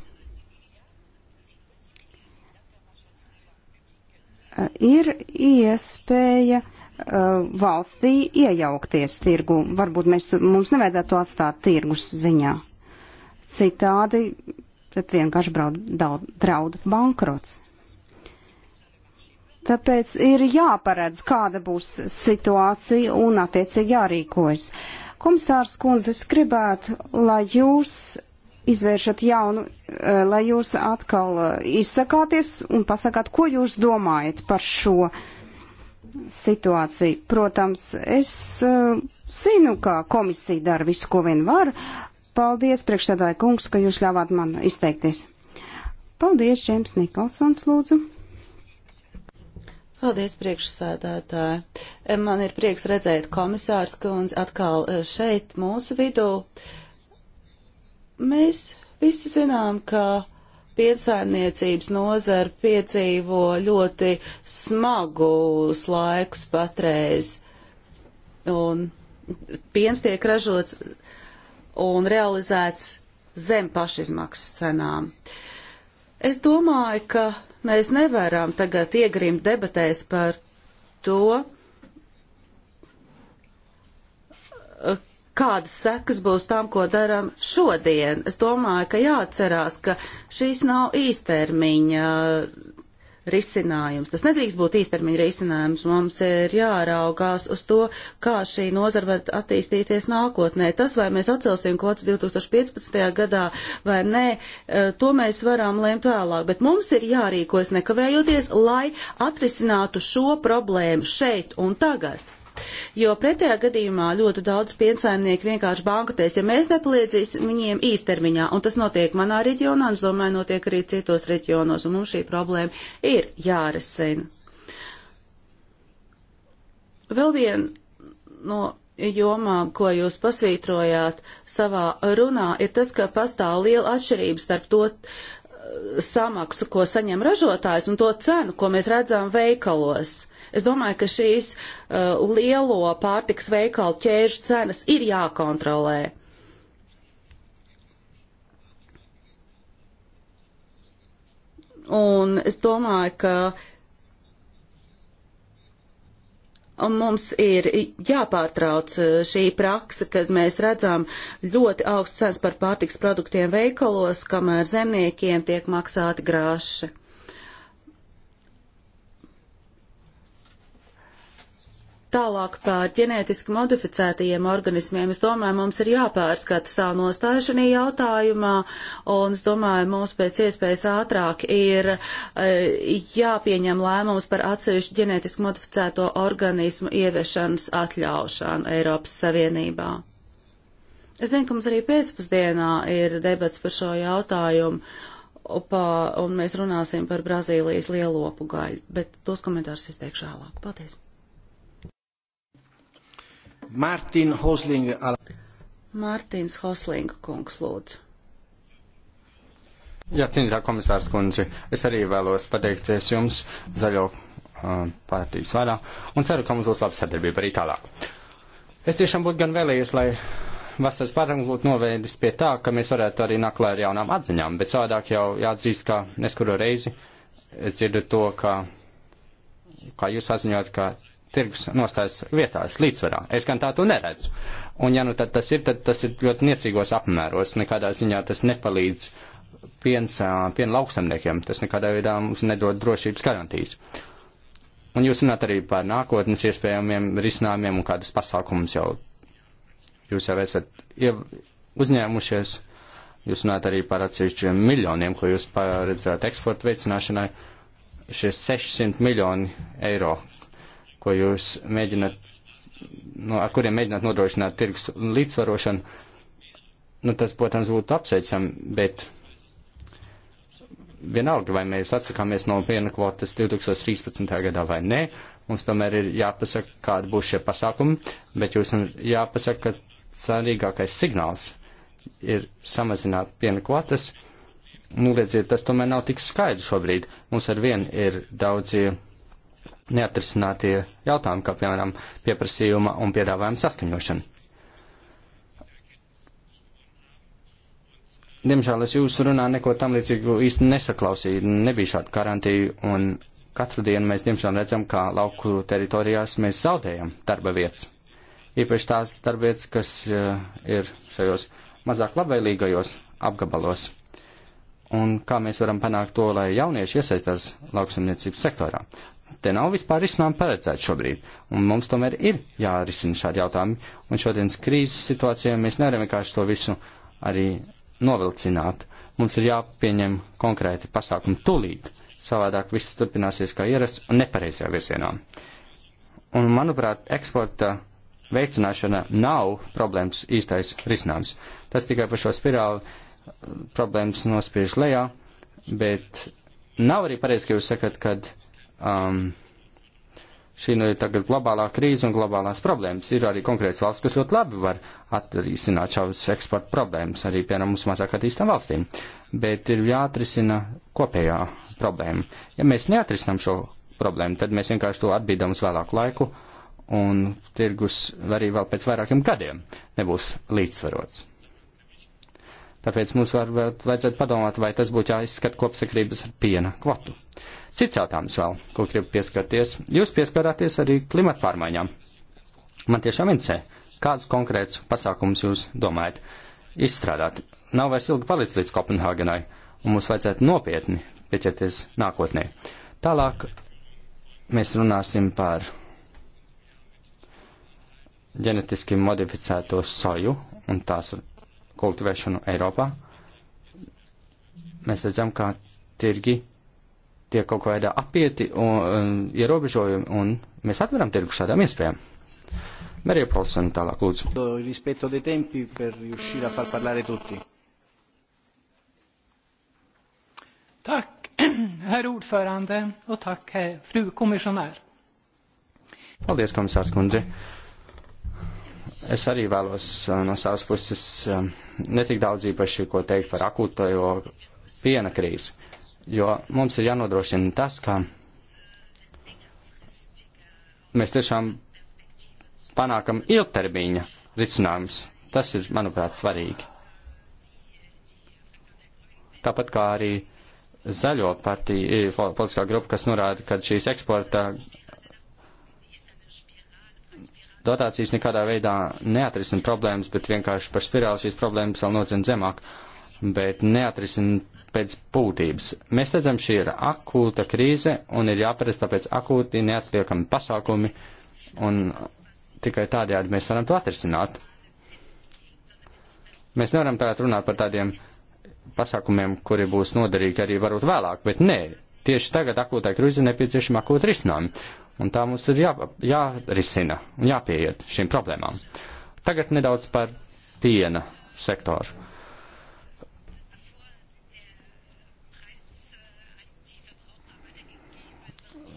Uh, ir iespēja uh, Uh, valstī iejaukties tirgu. Varbūt mēs, mums nevajadzētu to atstāt tirgus ziņā. Citādi tad vienkārši braud, daud, draud bankrots. Tāpēc ir jāparedz, kāda būs situācija un attiecīgi jārīkojas. Komisārs kundze, es gribētu, lai jūs izvēršat jaunu, uh, lai jūs atkal uh, izsakāties un pasakāt, ko jūs domājat par šo uh, situāciju. Protams, es uh, zinu, kā komisija dara visu, ko vien var. Paldies, priekšsēdāja kungs, ka jūs ļāvāt man izteikties. Paldies, Džēms Nikolsons, lūdzu. Paldies, priekšsēdētāji. Man ir prieks redzēt komisārs kundzi atkal eh, šeit mūsu vidū. Mēs visi zinām, ka piensaimniecības nozara piedzīvo ļoti smagus laikus patreiz. Un piens tiek ražots un realizēts zem pašizmaksas cenām. Es domāju, ka mēs nevaram tagad iegrimt debatēs par to, kādas sekas būs tam, ko daram šodien. Es domāju, ka jāatcerās, ka šīs nav īstermiņa risinājums. Tas nedrīkst būt īstermiņa risinājums. Mums ir jāraugās uz to, kā šī nozara var attīstīties nākotnē. Tas, vai mēs atcelsim kvotas 2015. gadā vai nē, eh, to mēs varam lēmt vēlāk. Bet mums ir jārīkojas nekavējoties, lai atrisinātu šo problēmu šeit un tagad jo pretējā gadījumā ļoti daudz piensaimnieku vienkārši bankrotēs, ja mēs nepalīdzēsim viņiem īstermiņā, un tas notiek manā reģionā, un es domāju, notiek arī citos reģionos, un mums šī problēma ir jārisina. Vēl viena no jomām, ko jūs pasvītrojāt savā runā, ir tas, ka pastāv liela atšķirība starp to uh, samaksu, ko saņem ražotājs, un to cenu, ko mēs redzam veikalos. Es domāju, ka šīs uh, lielo pārtiks veikalu ķēžu cenas ir jākontrolē. Un es domāju, ka mums ir jāpārtrauc uh, šī praksa, kad mēs redzam ļoti augsts cenas par pārtiks produktiem veikalos, kamēr zemniekiem tiek maksāti grāši. Tālāk par ģenētiski modificētajiem organismiem. Es domāju, mums ir jāpārskata savu nostāju šajā jautājumā, un es domāju, mums pēc iespējas ātrāk ir e, jāpieņem lēmums par atsevišķu ģenētiski modificēto organismu ieviešanas atļaušanu Eiropas Savienībā. Es zinu, ka mums arī pēcpusdienā ir debats par šo jautājumu, opā, un mēs runāsim par Brazīlijas lielopu gaļu, bet tos komentārus izteikšu vēlāk. Paldies! Mārtiņa Hoslinga. Mārtiņš Hoslinga kungs lūdzu. Jā, cienītā komisārs kundze, es arī vēlos pateikties jums zaļo uh, partijas vārā un ceru, ka mums būs laba sadarbība arī tālāk. Es tiešām būtu gan vēlējies, lai vasaras pārtraukumu būtu novēdis pie tā, ka mēs varētu arī naklēt ar jaunām atziņām, bet savādāk jau jāatzīst, ka neskuro reizi es dzirdu to, ka, kā jūs atziņojat, ka tirgus nostājas vietās, līdzsvarā. Es gan tā to neredzu. Un ja nu tad tas ir, tad tas ir ļoti niecīgos apmēros, nekādā ziņā tas nepalīdz piens, piena lauksamniekiem, tas nekādā veidā mums nedod drošības garantijas. Un jūs runāt arī par nākotnes iespējamiem risinājumiem un kādus pasākumus jau jūs jau esat uzņēmušies. Jūs runājat arī par atsevišķiem miljoniem, ko jūs paredzētu eksporta veicināšanai. Šie 600 miljoni eiro, ko jūs mēģināt, nu, ar kuriem mēģināt nodrošināt tirgus līdzsvarošanu, nu, tas, protams, būtu apsveicam, bet vienalga, vai mēs atsakāmies no piena kvotas 2013. gadā vai nē, mums tomēr ir jāpasaka, kāda būs šie pasākumi, bet jūs jāpasaka, ka svarīgākais signāls ir samazināt piena kvotas. Nu, redziet, tas tomēr nav tik skaidrs šobrīd. Mums ar vienu ir daudzi neatrisinātie jautājumi, kā piemēram pieprasījuma un piedāvājuma saskaņošana. Diemžēl es jūsu runā neko tam līdzīgu īsti nesaklausīju, nebija šāda garantija, un katru dienu mēs diemžēl redzam, kā lauku teritorijās mēs zaudējam darba vietas. Īpaši tās darba vietas, kas uh, ir šajos mazāk labvēlīgajos apgabalos. Un kā mēs varam panākt to, lai jaunieši iesaistās lauksamniecības sektorā. Te nav vispār risinājumi paredzēti šobrīd, un mums tomēr ir jārisina šādi jautājumi, un šodienas krīzes situācijā mēs nevaram vienkārši to visu arī novilcināt. Mums ir jāpieņem konkrēti pasākumi tulīt, savādāk viss turpināsies kā ierasts un nepareizajā virzienā. Un, manuprāt, eksporta veicināšana nav problēmas īstais risinājums. Tas tikai par šo spirāli eh, problēmas nospiež lejā, bet nav arī pareizi, ka jūs sakat, kad um, šī nu ir tagad globālā krīze un globālās problēmas. Ir arī konkrēts valsts, kas ļoti labi var atrisināt šādas eksporta problēmas, arī piemēram mūsu mazāk attīstām valstīm. Bet ir jāatrisina kopējā problēma. Ja mēs neatrisinām šo problēmu, tad mēs vienkārši to atbīdam uz vēlāku laiku, un tirgus arī vēl pēc vairākiem gadiem nebūs līdzsvarots. Tāpēc mums var, vajadzētu padomāt, vai tas būtu jāizskata kopsakrības ar piena kvotu. Uh, Cits jautājums vēl, ko gribu pieskarties. Jūs pieskarāties arī klimata pārmaiņām. Man tiešām interesē, kādus konkrētus pasākumus jūs domājat izstrādāt. Nav vairs ilgi palicis līdz Kopenhāgenai, un mums vajadzētu nopietni pieķerties nākotnē. Tālāk mēs runāsim par ģenetiski modificēto soju un tās kultivēšanu Eiropā. Mēs redzam, ka tirgi tiek kaut kādā apieti un, un ierobežojumi, un mēs atveram tirgu šādām iespējām. Marija Polsona tālāk, lūdzu. Rispetto dei tempi per riuscire a far parlare tutti. Tack, *clears throat* herr ordförande, och tack, herr, fru kommissionär. Paldies, komisārs kundze. Es arī vēlos uh, no savas puses um, netik daudz īpaši ko teikt par akūtojo piena krīzi jo mums ir jānodrošina tas, ka mēs tiešām panākam ilgtermiņa risinājums. Tas ir, manuprāt, svarīgi. Tāpat kā arī zaļo partiju, eh, politiskā grupa, kas norāda, ka šīs eksporta dotācijas nekādā veidā neatrisina problēmas, bet vienkārši par spirāli šīs problēmas vēl nodzina zemāk, bet neatrisina pēc būtības. Mēs redzam, šī ir akūta krīze un ir jāpērst tāpēc akūti neatliekami pasākumi un tikai tādējādi mēs varam to atrisināt. Mēs nevaram tagad runāt par tādiem pasākumiem, kuri būs noderīgi arī varbūt vēlāk, bet nē, tieši tagad akūtai krīze nepieciešama akūta risinājuma. Un tā mums ir jā, jārisina un jāpieiet šīm problēmām. Tagad nedaudz par piena sektoru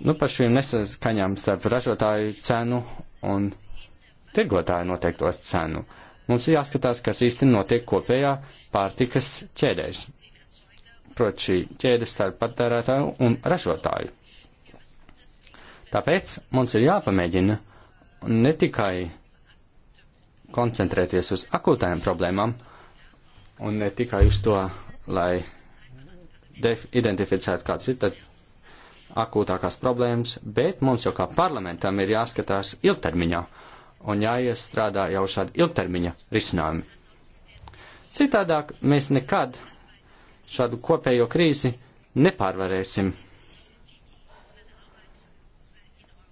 Nu, par šīm nesaskaņām starp ražotāju cenu un tirgotāju noteikto cenu. Mums ir jāskatās, kas īsti notiek kopējā pārtikas ķēdēs. Proti šī ķēde starp patērētāju un ražotāju. Tāpēc mums ir jāpamēģina ne tikai koncentrēties uz akūtajām problēmām un ne tikai uz to, lai identificētu kāds ir, tad akūtākās problēmas, bet mums jau kā parlamentam ir jāskatās ilgtermiņā un jāiestrādā jau šādi ilgtermiņa risinājumi. Citādāk mēs nekad šādu kopējo krīzi nepārvarēsim.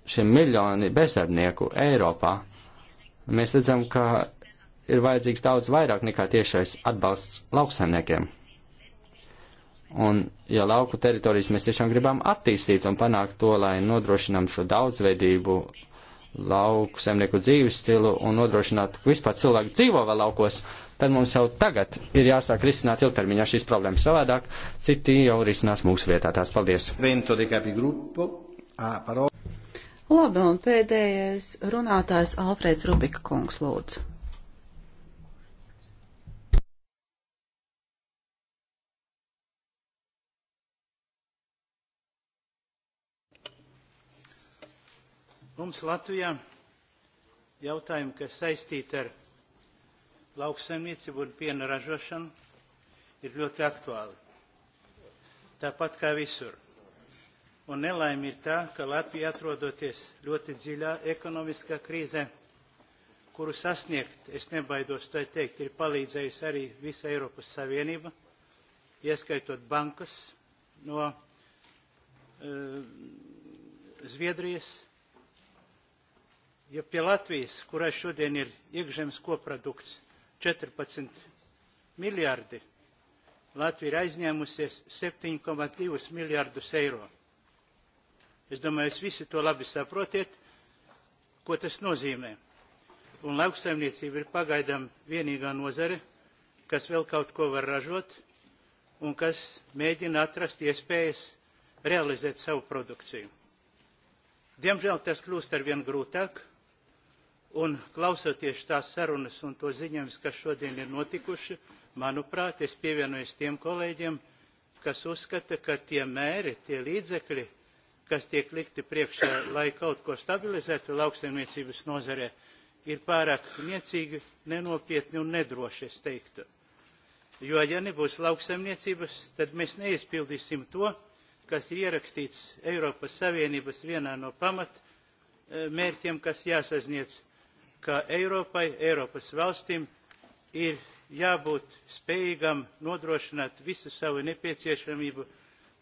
Šie miljoni bezdarbnieku Eiropā. Mēs redzam, ka ir vajadzīgs daudz vairāk nekā tiešais atbalsts lauksaimniekiem. Un, ja lauku teritorijas mēs tiešām gribam attīstīt un panākt to, lai nodrošinām šo daudzveidību lauku zemnieku dzīves stilu un nodrošināt, ka vispār cilvēki dzīvo vēl laukos, tad mums jau tagad ir jāsāk risināt ilgtermiņā šīs problēmas savādāk, citi jau risinās mūsu vietā. Tās paldies. Labi, un pēdējais runātājs Alfrēds Rubika kungs lūdzu. Mums Latvijā jautājumi, kas saistīti ar lauksaimniecību un piena ražošanu, ir ļoti aktuāli. Tāpat kā visur. Un nelaime ir tā, ka Latvija atrodoties ļoti dziļā ekonomiskā krīzē, kuru sasniegt, es nebaidos to teikt, ir palīdzējusi arī visa Eiropas Savienība, ieskaitot bankas no uh, Zviedrijas, ja pie Latvijas, kurā šodien ir iekšzemes koprodukts 14 miljardi, Latvija ir aizņēmusies 7,2 miljardus eiro. Es domāju, jūs visi to labi saprotiet, ko tas nozīmē. Un lauksaimniecība ir pagaidām vienīgā nozare, kas vēl kaut ko var ražot un kas mēģina atrast iespējas realizēt savu produkciju. Diemžēl tas kļūst arvien grūtāk, Un klausoties tās sarunas un to ziņojums, kas šodien ir notikuši, manuprāt, es pievienojos tiem kolēģiem, kas uzskata, ka tie mēri, tie līdzekļi, kas tiek likti priekšā, lai kaut ko stabilizētu lauksaimniecības nozarē, ir pārāk niecīgi, nenopietni un nedroši, es teiktu. Jo, ja nebūs lauksaimniecības, tad mēs neizpildīsim to, kas ir ierakstīts Eiropas Savienības vienā no pamat eh, mērķiem, kas jāsasniedz ka Eiropai, Eiropas valstīm ir jābūt spējīgam nodrošināt visu savu nepieciešamību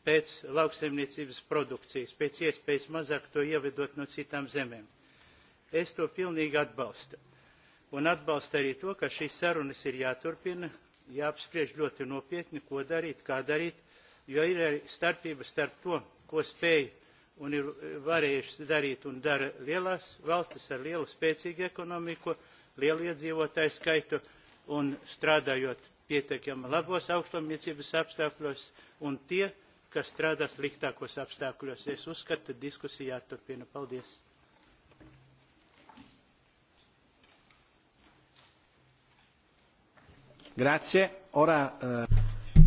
pēc lauksaimniecības produkcijas, pēc iespējas mazāk to ievedot no citām zemēm. Es to pilnīgi atbalstu. Un atbalstu arī to, ka šīs sarunas ir jāturpina, jāapspriež ļoti nopietni, ko darīt, kā darīt, jo ir arī starpība starp to, ko spēja un ir varējušas darīt un dara lielās valstis ar lielu spēcīgu ekonomiku, lielu iedzīvotāju skaitu un strādājot pietiekami labos augstlamiecības apstākļos un tie, kas strādā sliktākos apstākļos. Es uzskatu, diskusija jāturpina. Paldies! Grazie. Ora, uh...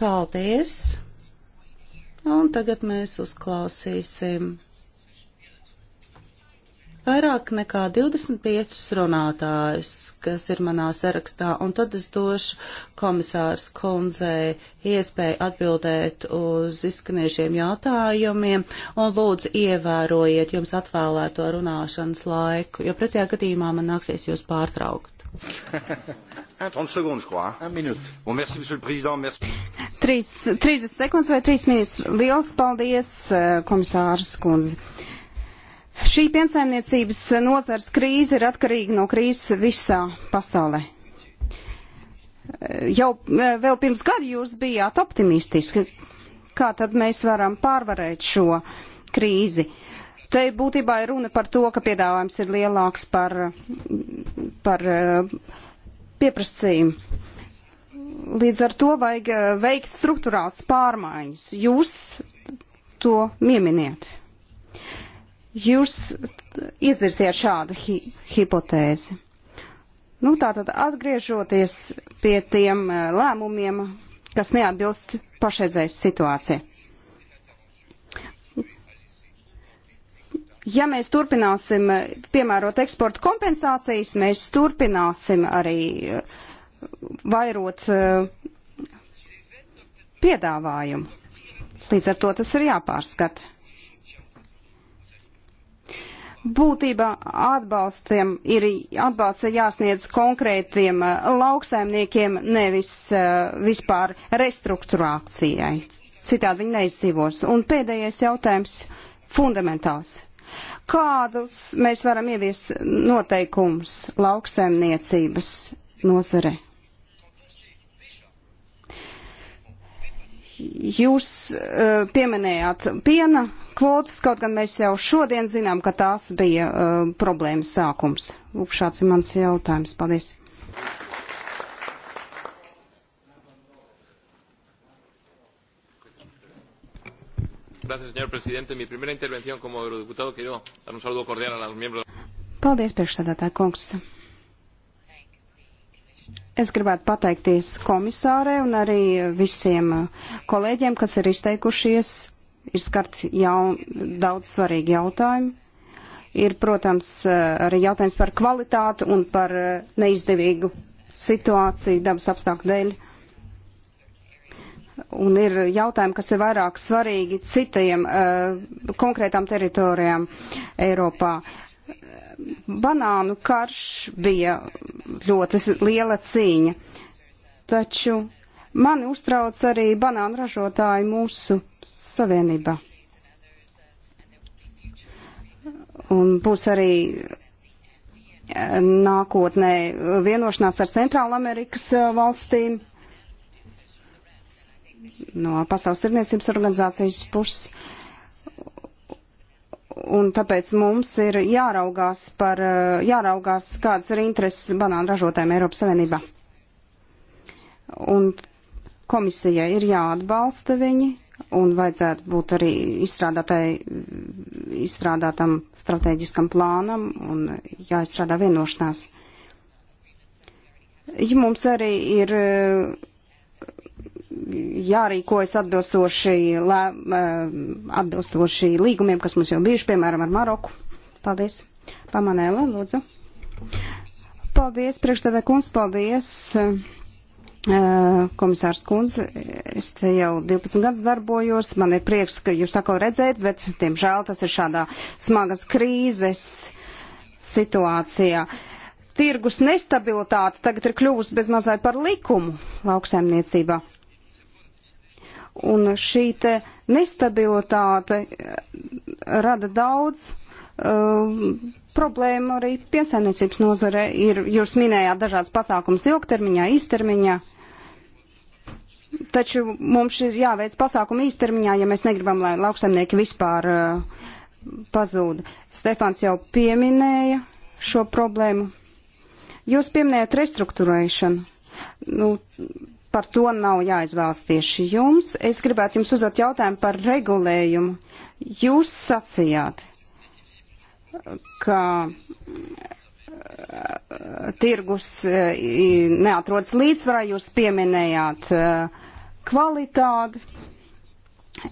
Paldies! Un tagad mēs uzklausīsim vairāk nekā 25 runātājus, kas ir manā sarakstā, un tad es došu komisārs kundzei iespēju atbildēt uz izskanējušiem jautājumiem, un lūdzu ievērojiet jums atvēlēto runāšanas laiku, jo pretējā gadījumā man nāksies jūs pārtraukt. *laughs* 30 sekundes, ko? Un merci, monsieur le président, merci. 3, 30 sekundes vai 3 minūtes. Liels paldies, eh, komisārs kundze. Šī piensaimniecības nozars krīze ir atkarīga no krīzes visā pasaulē. Eh, jau eh, vēl pirms gada jūs bijāt optimistiski. Kā tad mēs varam pārvarēt šo krīzi? Te būtībā ir runa par to, ka piedāvājums ir lielāks par, par pieprasījumu. Līdz ar to vajag eh, veikt struktūrāls pārmaiņas. Jūs to pieminiet. Jūs izvirsiet šādu hi hipotēzi. Nu, tātad atgriežoties pie tiem eh, lēmumiem, kas neatbilst pašreizējas situācijai. ja mēs turpināsim eh, piemērot eksporta kompensācijas, mēs turpināsim arī eh, vairot eh, piedāvājumu. Līdz ar to tas ir jāpārskata. Būtībā atbalstiem ir atbalsta jāsniedz konkrētiem lauksaimniekiem, nevis vispār restruktūrācijai. Citādi viņi neizdzīvos. Un pēdējais jautājums - fundamentāls Kādus mēs varam ieviest noteikumus lauksaimniecības nozare? Jūs uh, pieminējāt piena kvotas, kaut gan mēs jau šodien zinām, ka tās bija uh, problēmas sākums. Lūk, šāds ir mans jautājums. Paldies! Gracias, señor presidente. Mi primera intervención como eurodiputado quiero dar un saludo cordial a los miembros. Paldies, priekšstādātāja kungs. Es gribētu pateikties komisārē un arī visiem kolēģiem, kas ir izteikušies, ir skart jau daudz svarīgi jautājumi. Ir, protams, arī jautājums par kvalitāti un par neizdevīgu situāciju dabas apstākļu dēļ. Un ir jautājumi, kas ir vairāk svarīgi citajiem uh, konkrētām teritorijām Eiropā. Banānu karš bija ļoti liela cīņa, taču mani uztrauc arī banānu ražotāji mūsu savienībā. Un būs arī eh, nākotnē vienošanās ar Centrālamerikas eh, valstīm no Pasaules tirniecības organizācijas puses. Un tāpēc mums ir jāraugās, par, jāraugās kādas ir intereses banānu ražotājiem Eiropas Savienībā. Un komisija ir jāatbalsta viņi, un vajadzētu būt arī izstrādātam strateģiskam plānam un jāizstrādā vienošanās. Ja mums arī ir jārīkojas atbilstoši, lē, eh, atbilstoši līgumiem, kas mums jau bijuši, piemēram, ar Maroku. Paldies. Pamanēla, lūdzu. Paldies, priekšstādā kungs, paldies. Eh, komisārs kundze, es te jau 12 gadus darbojos, man ir prieks, ka jūs atkal redzēt, bet, diemžēl, tas ir šādā smagas krīzes situācijā. Uh, tirgus nestabilitāte tagad ir kļuvusi bezmazliet par likumu lauksaimniecībā. Un šī te nestabilitāte eh, rada daudz uh, problēmu arī piensaimniecības nozare. Ir, jūs minējāt dažādas pasākumas ilgtermiņā, īstermiņā. Taču mums ir jāveic pasākumi īstermiņā, ja mēs negribam, lai lauksaimnieki vispār uh, pazūd. Stefāns jau pieminēja šo problēmu. Jūs pieminējat restruktūrēšanu. Nu, par to nav jāizvēlas tieši jums. Es gribētu jums uzdot jautājumu par regulējumu. Jūs sacījāt, ka eh, tirgus eh, neatrodas līdzsvarā, jūs pieminējāt eh, kvalitāti.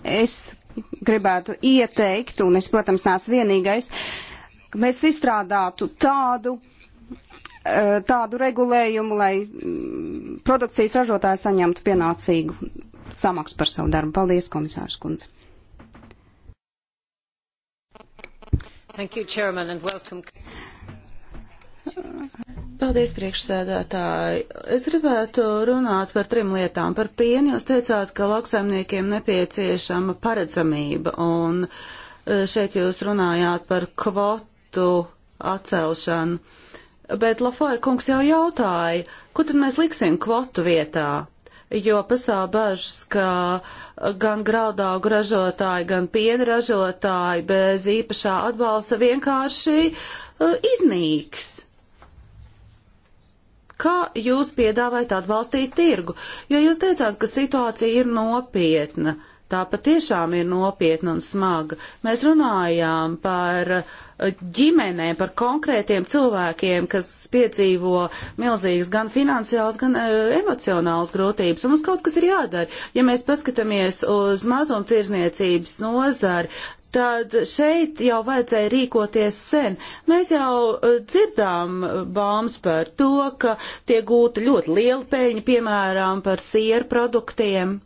Es gribētu ieteikt, un es, protams, neesmu vienīgais, ka mēs izstrādātu tādu uh, Eh, tādu regulējumu, lai mm, produkcijas ražotāji saņemtu pienācīgu samaksu par savu darbu. Paldies, komisārs Kundze. You, chairman, Paldies, priekšsēdētāji. Es gribētu runāt par trim lietām. Par pieni jūs teicāt, ka lauksaimniekiem nepieciešama paredzamība, un eh, šeit jūs runājāt par kvotu atcelšanu bet Lafoja kungs jau jautāja, ko tad mēs liksim kvotu vietā? Jo pastāv bažas, ka gan graudaugu ražotāji, gan piena ražotāji bez īpašā atbalsta vienkārši uh, iznīks. Kā jūs piedāvājat atbalstīt tirgu? Jo jūs teicāt, ka situācija ir nopietna. Uh, tā patiešām ir nopietna un smaga. Mēs runājām par eh, ģimenēm, par konkrētiem cilvēkiem, kas piedzīvo milzīgas gan finansiāls, gan eh, emocionāls grūtības, un mums kaut kas ir jādara. Ja mēs paskatāmies uz mazumtirzniecības nozari, tad šeit jau vajadzēja rīkoties sen. Mēs jau eh, dzirdām eh, bāmas par to, ka tiek gūta ļoti liela peļņa, piemēram, par sieru produktiem.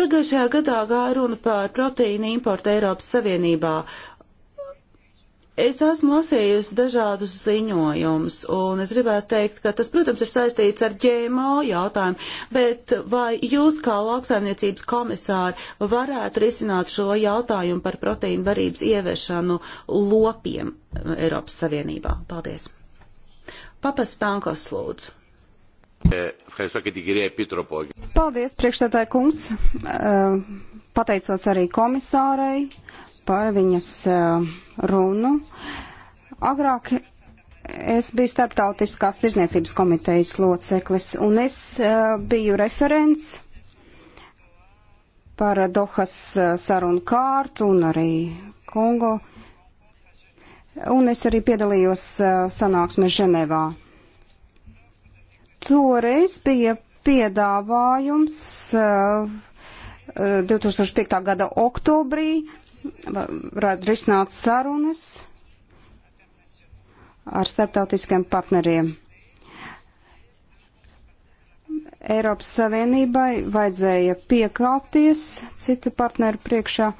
Pagājušajā gadā gāja runa par proteīnu importu Eiropas Savienībā, Es esmu lasījusi dažādus ziņojumus, un es gribētu teikt, ka tas, protams, ir saistīts ar ģēmo jautājumu, bet vai jūs kā lauksaimniecības komisāri varētu risināt šo jautājumu par proteīnu varības ieviešanu lopiem Eiropas Savienībā? Paldies. Papas Stankos lūdzu. Paldies, priekšstādāja kungs. Pateicos arī komisārei par viņas. Uh, runu. Agrāk es biju starptautiskās tirzniecības komitejas loceklis, un es uh, biju referents par Dohas eh, sarunu kārtu un arī Kongo. Un es arī piedalījos uh, sanāksmē Ženevā. Toreiz bija piedāvājums uh, 2005. gada oktobrī varētu risināt sarunas ar starptautiskiem partneriem. Eiropas Savienībai vajadzēja piekāpties citu partneru priekšā,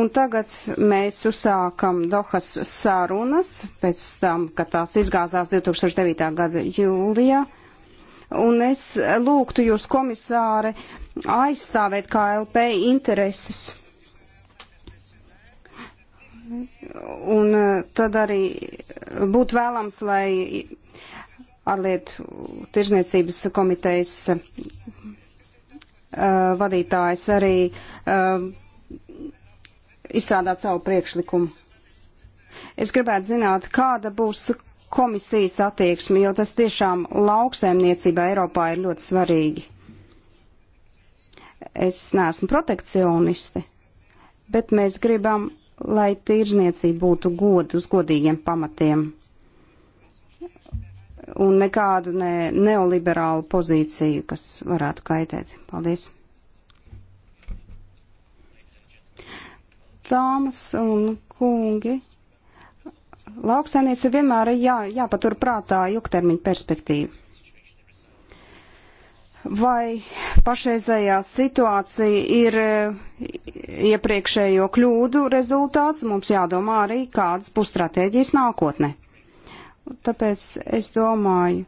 un tagad mēs uzsākam Dohas sarunas pēc tam, kad tās izgāzās 2009. gada jūlijā, un es lūgtu jūs, komisāre, aizstāvēt KLP intereses Un eh, tad arī būtu vēlams, lai ārlietu tirzniecības komitejas uh, vadītājs arī uh, izstrādāt savu priekšlikumu. Es gribētu zināt, kāda būs komisijas attieksme, jo tas tiešām lauksēmniecībā Eiropā ir ļoti svarīgi. Es neesmu protekcionisti, bet mēs gribam lai tirzniecība būtu god, uz godīgiem pamatiem un nekādu ne neoliberālu pozīciju, kas varētu kaitēt. Paldies! Dāmas un kungi, lauksainieci vienmēr jā, jāpatur prātā ilgtermiņa perspektīva vai pašreizējā situācija ir eh, iepriekšējo kļūdu rezultāts, mums jādomā arī, kādas būs stratēģijas nākotne. Tāpēc es domāju,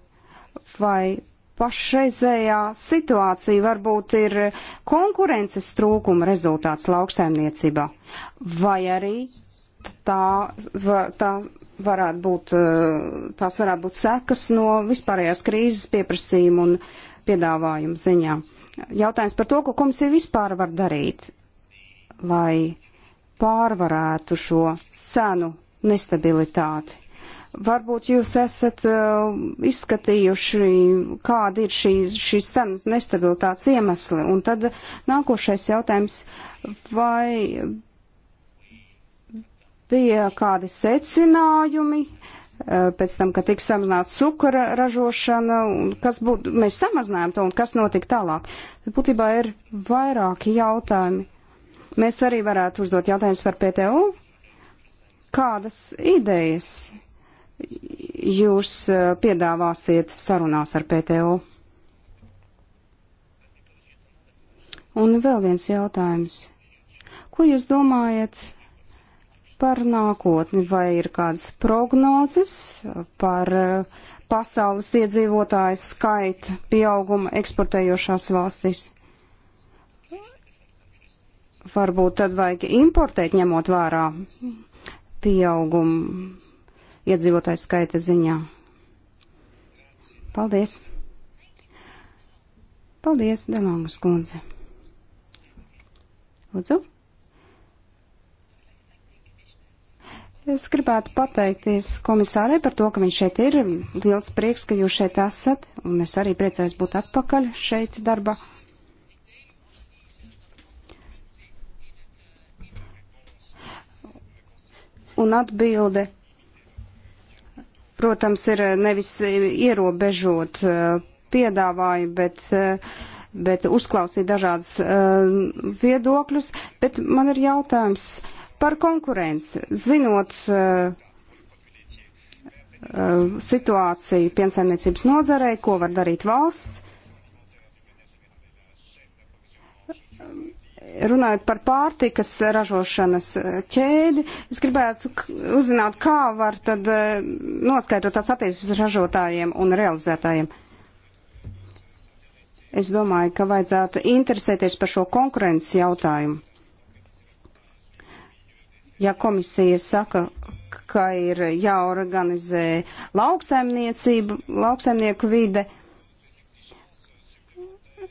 vai pašreizējā situācija varbūt ir konkurences trūkuma rezultāts lauksaimniecībā, vai arī tā, tā varētu būt, eh, tās varētu būt sekas no vispārējās krīzes pieprasījuma un uh, piedāvājumu ziņā. Jautājums par to, ko komisija vispār var darīt, lai pārvarētu šo cenu nestabilitāti. Varbūt jūs esat uh, izskatījuši, kāda ir šī, šīs cenas nestabilitātes iemesli. Un tad nākošais jautājums, vai bija kādi secinājumi, uh, Eh, pēc tam, kad tiks samazināta cukura ražošana, kas būtu, mēs samazinājām to un kas notika tālāk. Būtībā ir vairāki jautājumi. Mēs arī varētu uzdot jautājumus par PTU. Kādas idejas jūs eh, piedāvāsiet sarunās ar PTU? Un vēl viens jautājums. Ko jūs domājat par nākotni, vai ir kādas prognozes par eh, pasaules iedzīvotāju skaita pieauguma eksportējošās valstīs? Varbūt tad vajag importēt, ņemot vērā pieaugumu iedzīvotāju skaita ziņā. Paldies! Paldies, Delangas kundze! Lūdzu! Es gribētu pateikties komisārai par to, ka viņš šeit ir. Liels prieks, ka jūs šeit esat, un es arī priecājos būt atpakaļ šeit darba. Un atbilde, protams, ir nevis ierobežot eh, piedāvāju, bet, eh, bet uzklausīt dažādas eh, viedokļus, bet man ir jautājums Par konkurenci, zinot uh, uh, situāciju piensaimniecības nozarei, ko var darīt valsts, runājot par pārtikas ražošanas ķēdi, es gribētu uzzināt, kā var tad eh, noskaidrot tās attiecības ražotājiem un realizētājiem. Es domāju, ka vajadzētu interesēties par šo konkurences jautājumu ja komisija saka, ka ir jāorganizē lauksaimniecība, lauksaimnieku vide,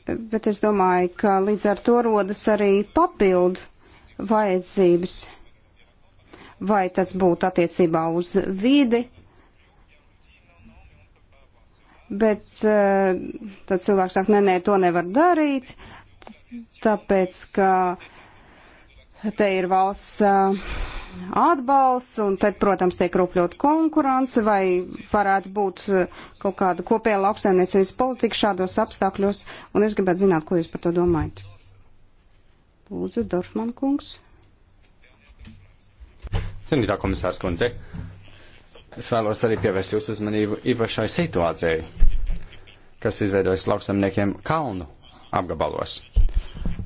bet es domāju, ka līdz ar to rodas arī papildu vajadzības. Vai tas būtu attiecībā uz vidi? Bet eh, tad cilvēks saka, nē, nē, to nevar darīt, tāpēc, ka uh, Te ir valsts atbalsts, un te, protams, tiek rūpļot konkurence, vai varētu būt kaut kāda kopēja lauksaimniecības politika šādos apstākļos, un es gribētu zināt, ko jūs par to domājat. Lūdzu, Dorfman kungs. Cienītā komisārs kundze, es vēlos arī pievērst jūsu uzmanību īpašai situācijai, kas izveidojas lauksaimniekiem kalnu apgabalos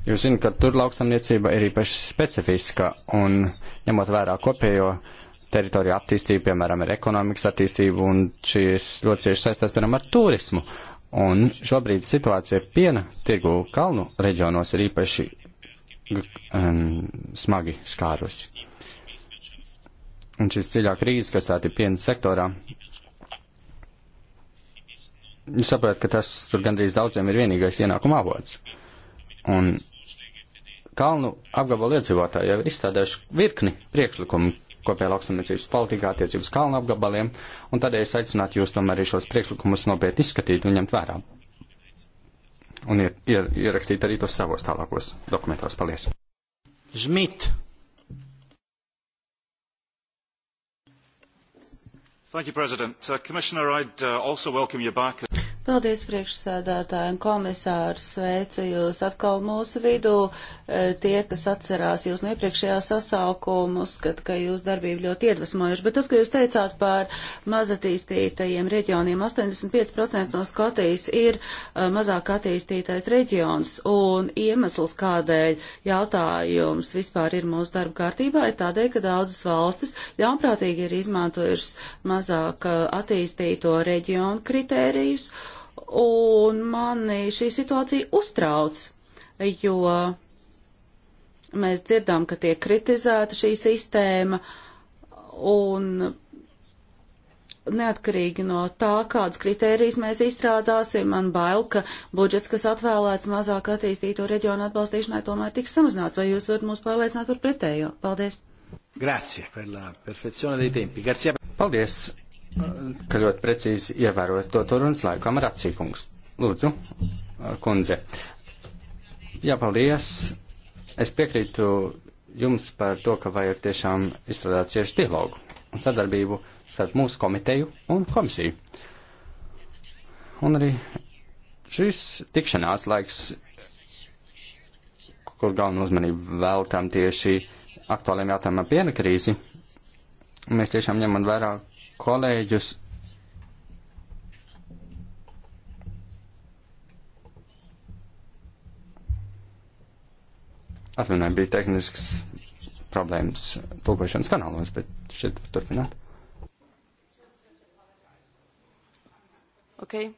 jo zinu, ka tur lauksamniecība ir īpaši specifiska un ņemot vērā kopējo teritoriju attīstību, piemēram, ar ekonomikas attīstību un šīs ļoti cieši saistās, piemēram, ar turismu. Un šobrīd situācija piena tirgu kalnu reģionos ir īpaši um, smagi skārusi. Un šis dziļā krīze, kas tā ir piena sektorā, jūs saprotat, ka tas tur gandrīz daudziem ir vienīgais ienākuma avots. Un kalnu apgabalu iedzīvotāji jau ir izstādējuši virkni priekšlikumu kopējā lauksamniecības politikā attiecības kalnu apgabaliem, un tādēļ es aicinātu jūs tomēr arī šos priekšlikumus nopietni izskatīt un ņemt vērā. Un ier, ier, ierakstīt arī tos savos tālākos dokumentos. Paldies! Žmit! Thank you, President. Uh, Commissioner, I'd uh, also welcome you back. Paldies, priekšsēdētāji un komisārs, sveicu jūs atkal mūsu vidū. E, tie, kas atcerās jūs no iepriekšējā sasaukuma, uzskata, ka jūs darbību ļoti iedvesmojuši, bet tas, ko jūs teicāt par mazatīstītajiem reģioniem, 85% no Skotijas ir e, mazāk attīstītais reģions, un iemesls, kādēļ jautājums vispār ir mūsu darba kārtībā, ir tādēļ, ka daudzas valstis ļaunprātīgi ir izmantojušas mazāk e, attīstīto reģionu kritērijus, un mani šī situācija uztrauc, jo mēs dzirdām, ka tiek kritizēta šī sistēma, un neatkarīgi no tā, kādas kritērijas mēs izstrādāsim, man bail, ka budžets, kas atvēlēts mazāk attīstīto reģionu atbalstīšanai, tomēr tiks samazināts. Vai jūs varat mūs pārliecināt par pretējo? Paldies! Grazie par la perfezione dei tempi. Grazie. Paldies ka ļoti precīzi ievērot to, to runas laiku. Amarācija kungs, lūdzu, kundze. Jā, paldies. Es piekrītu jums par to, ka vajag tiešām izstrādāt ciešu dialogu un sadarbību starp mūsu komiteju un komisiju. Un arī šis tikšanās laiks, kur galvenu uzmanību veltām tieši aktuāliem jautājumam piena krīzi, mēs tiešām ņemam vērā, kolēģus. Atvainojiet, bija tehnisks problēmas tulkošanas kanālos, bet šeit turpināt. Okay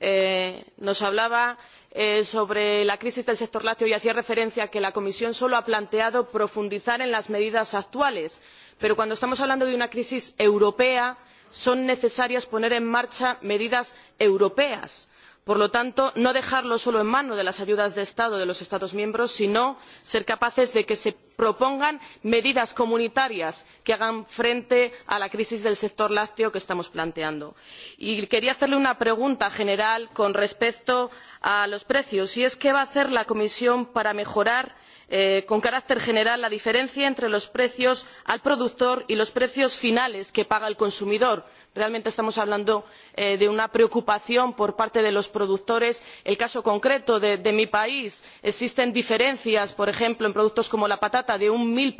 eh, nos hablaba eh, sobre la crisis del sector lácteo y hacía referencia a que la comisión solo ha planteado profundizar en las medidas actuales pero cuando estamos hablando de una crisis europea son necesarias poner en marcha medidas europeas por lo tanto no dejarlo solo en manos de las ayudas de estado de los estados miembros sino ser capaces de que se propongan medidas comunitarias que hagan frente a la crisis del sector lácteo que estamos planteando. y quería hacerle una pregunta general con respecto a los precios y es qué va a hacer la comisión para mejorar la eh, con carácter general la diferencia entre los precios al productor y los precios finales que paga el consumidor. realmente estamos hablando eh, de una preocupación por parte de los productores. en el caso concreto de, de mi país existen diferencias por ejemplo en productos como la patata de un mil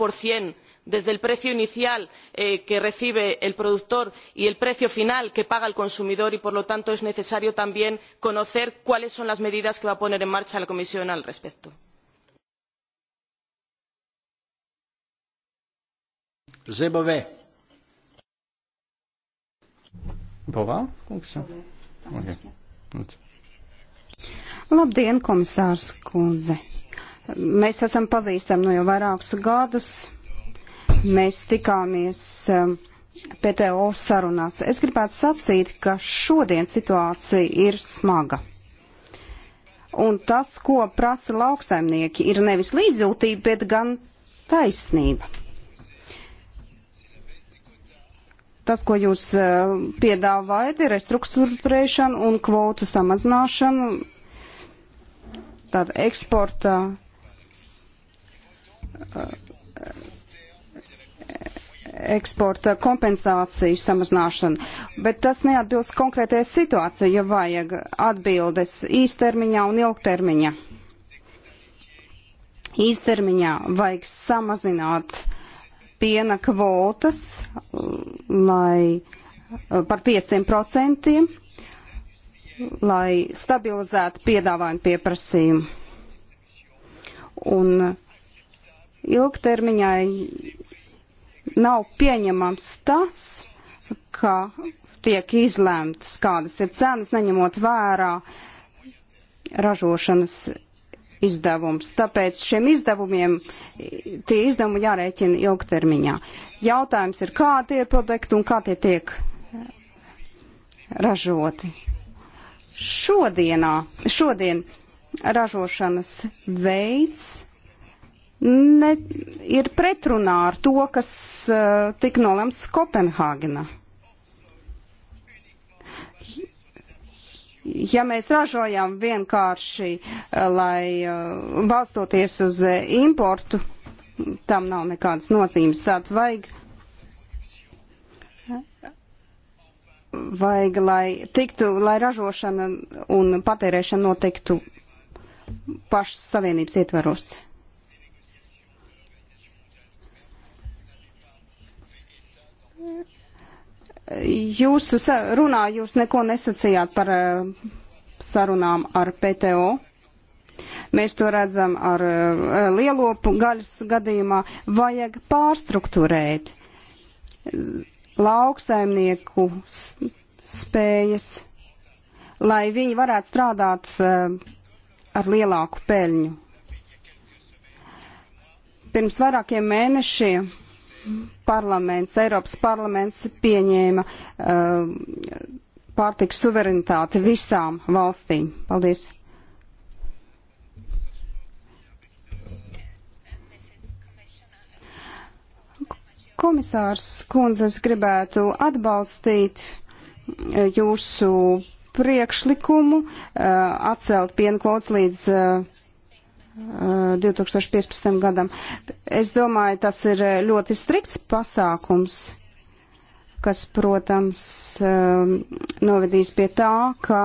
desde el precio inicial eh, que recibe el productor y el precio final que paga el consumidor y por lo tanto es necesario también conocer cuáles son las medidas que va a poner en marcha la comisión al respecto. José Bové. Bovā, kungs. Okay. Labdien, komisārs kundze. Mēs esam pazīstami no jau vairākus gadus. Mēs tikāmies um, PTO sarunās. Es gribētu sacīt, ka šodien situācija ir smaga. Un tas, ko prasa lauksaimnieki, ir nevis līdzjūtība, bet gan taisnība. tas, ko jūs eh, piedāvājat, ir restruktūrēšana un kvotu samazināšana, tad eksporta eh, eksporta kompensāciju samazināšanu, bet tas neatbilst konkrētajai situācijai, jo vajag atbildes īstermiņā un ilgtermiņā. Īstermiņā vajag samazināt uh, piena kvotas lai, par 5%, lai stabilizētu piedāvājumu pieprasījumu. Un ilgtermiņā nav pieņemams tas, ka tiek izlēmtas, kādas ir cenas, neņemot vērā ražošanas izdevums. Tāpēc šiem izdevumiem tie izdevumi jārēķina ilgtermiņā. Jautājums ir, kā tie ir produkti un kā tie tiek ražoti. Šodienā, šodien ražošanas veids ne, ir pretrunā ar to, kas uh, eh, tik nolemts Kopenhāgenā. ja mēs ražojam vienkārši, eh, lai eh, balstoties uz eh, importu, tam nav nekādas nozīmes. Tātad vajag, vajag, lai tiktu, lai ražošana un patērēšana notiktu pašas savienības ietvaros. Jūsu runā jūs neko nesacījāt par eh, sarunām ar PTO. Mēs to redzam ar eh, lielopu gaļas gadījumā. Vajag pārstruktūrēt lauksaimnieku spējas, lai viņi varētu strādāt eh, ar lielāku peļņu. Pirms vairākiem mēnešiem parlaments, Eiropas parlaments pieņēma uh, pārtiks suverenitāti visām valstīm. Paldies! Komisārs kundze, es gribētu atbalstīt uh, jūsu priekšlikumu uh, atcelt piena kvotas līdz uh, 2015. Eh, gadam. Es domāju, tas ir eh, ļoti strikts pasākums, kas, protams, eh, novedīs pie tā, ka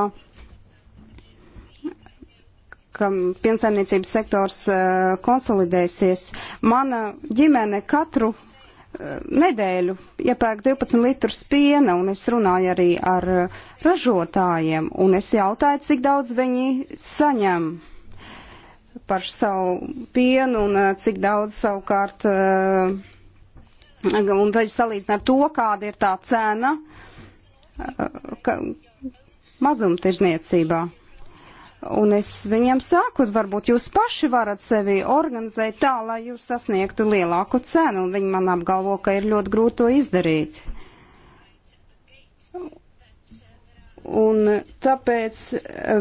ka piensaimniecības sektors konsolidēsies. Mana ģimene katru nedēļu iepērk 12 litrus piena, un es runāju arī ar ražotājiem, un es jautāju, cik daudz viņi saņem par savu pienu un eh, cik daudz savukārt, eh, un tad salīdzina ar to, kāda ir tā cena eh, ka, mazumtirzniecībā. Un es viņiem saku, varbūt jūs paši varat sevi organizēt tā, lai jūs sasniegtu lielāku cenu, un viņi man apgalvo, ka ir ļoti grūti to izdarīt un tāpēc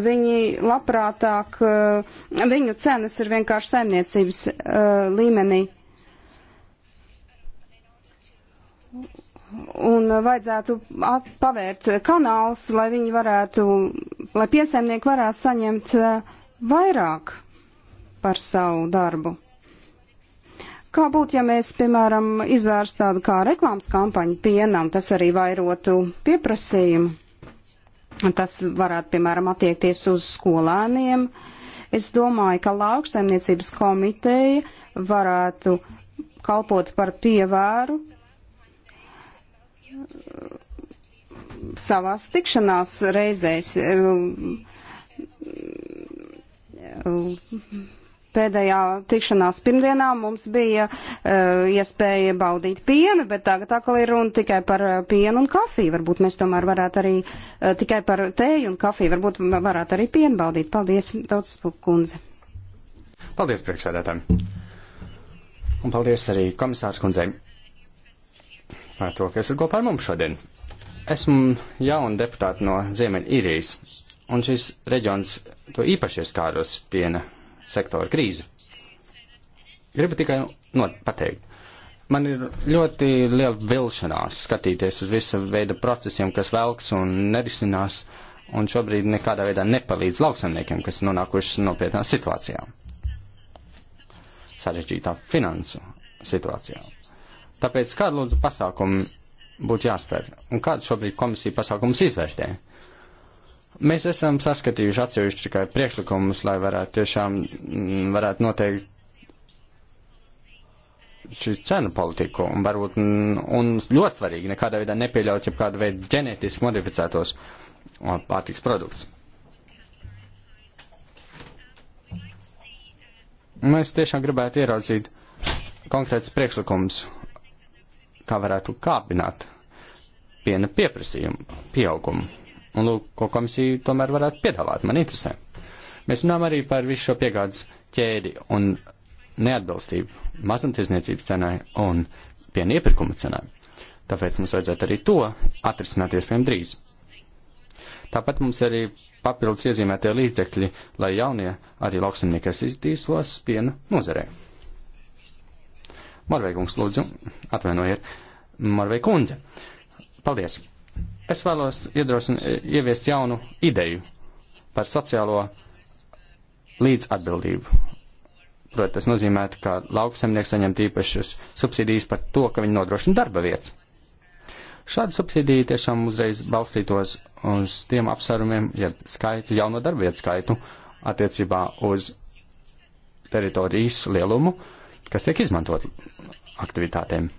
viņi labprātāk, eh, viņu cenas ir vienkārši saimniecības eh, līmenī. Un vajadzētu pavērt kanāls, lai viņi varētu, lai piesēmnieki varētu saņemt eh, vairāk par savu darbu. Kā būtu, ja mēs, piemēram, izvērstu tādu kā reklāmas kampaņu pienam, tas arī vairotu pieprasījumu? Tas varētu, piemēram, attiekties uz skolēniem. Es domāju, ka lauksaimniecības komiteja varētu kalpot par pievēru savās tikšanās reizēs Pēdējā tikšanās pirmdienā mums bija uh, iespēja baudīt pienu, bet tagad atkal ir runa tikai par eh, pienu un kafiju. Varbūt mēs tomēr varētu arī uh, tikai par tēju un kafiju, varbūt varētu arī pienu baudīt. Paldies, Tautas kundze. Paldies priekšsēdētājiem. Un paldies arī komisārs kundzei par to, ka esat kopā ar mums šodien. Esmu jauna deputāta no Ziemeļīrijas, un šis reģions to īpaši ir skārus piena sektora krīzi. Gribu tikai no, pateikt. Man ir ļoti liela vilšanās skatīties uz visu veidu procesiem, kas velks un nerisinās, un šobrīd nekādā veidā nepalīdz lauksaimniekiem, kas nonākuši nopietnā situācijā. Sarežģītā finansu situācijā. Tāpēc kādu lūdzu pasākumu būtu jāspēr, un kādu šobrīd komisija pasākumus izvērtē? Uh, Mēs esam saskatījuši atsevišķi tikai priekšlikumus, lai varētu tiešām mm, varētu noteikt šī cenu politiku un varbūt un, mm, un ļoti svarīgi nekādā veidā nepieļaut jau kādu veidu ģenētiski modificētos pārtiks produktus. Mēs tiešām gribētu ieraudzīt konkrēts priekšlikums, kā varētu kāpināt piena pieprasījumu, pieaugumu. Un lūk, ko komisija tomēr varētu piedāvāt, man interesē. Mēs runājam arī par visu šo piegādes ķēdi un neatbilstību mazumtirdzniecības cenai un piena iepirkuma cenai. Tāpēc mums vajadzētu arī to atrisināt iespējami drīz. Tāpat mums arī papildus iezīmētie līdzekļi, lai jaunie arī lauksimnieki iesaistītos piena nozarē. Marveikungs, lūdzu, atvainojiet, Marveikundze. Paldies! Es vēlos iedrošināt, ieviest jaunu ideju par sociālo līdzatbildību. Protams, tas nozīmē, ka lauksemnieks saņem īpašas subsīdijas par to, ka viņi nodrošina darba vietas. Šāda subsīdija tiešām uzreiz balstītos uz tiem apsvērumiem, ja skaitu, jauno darba vietu skaitu attiecībā uz teritorijas lielumu, kas tiek izmantot aktivitātēm.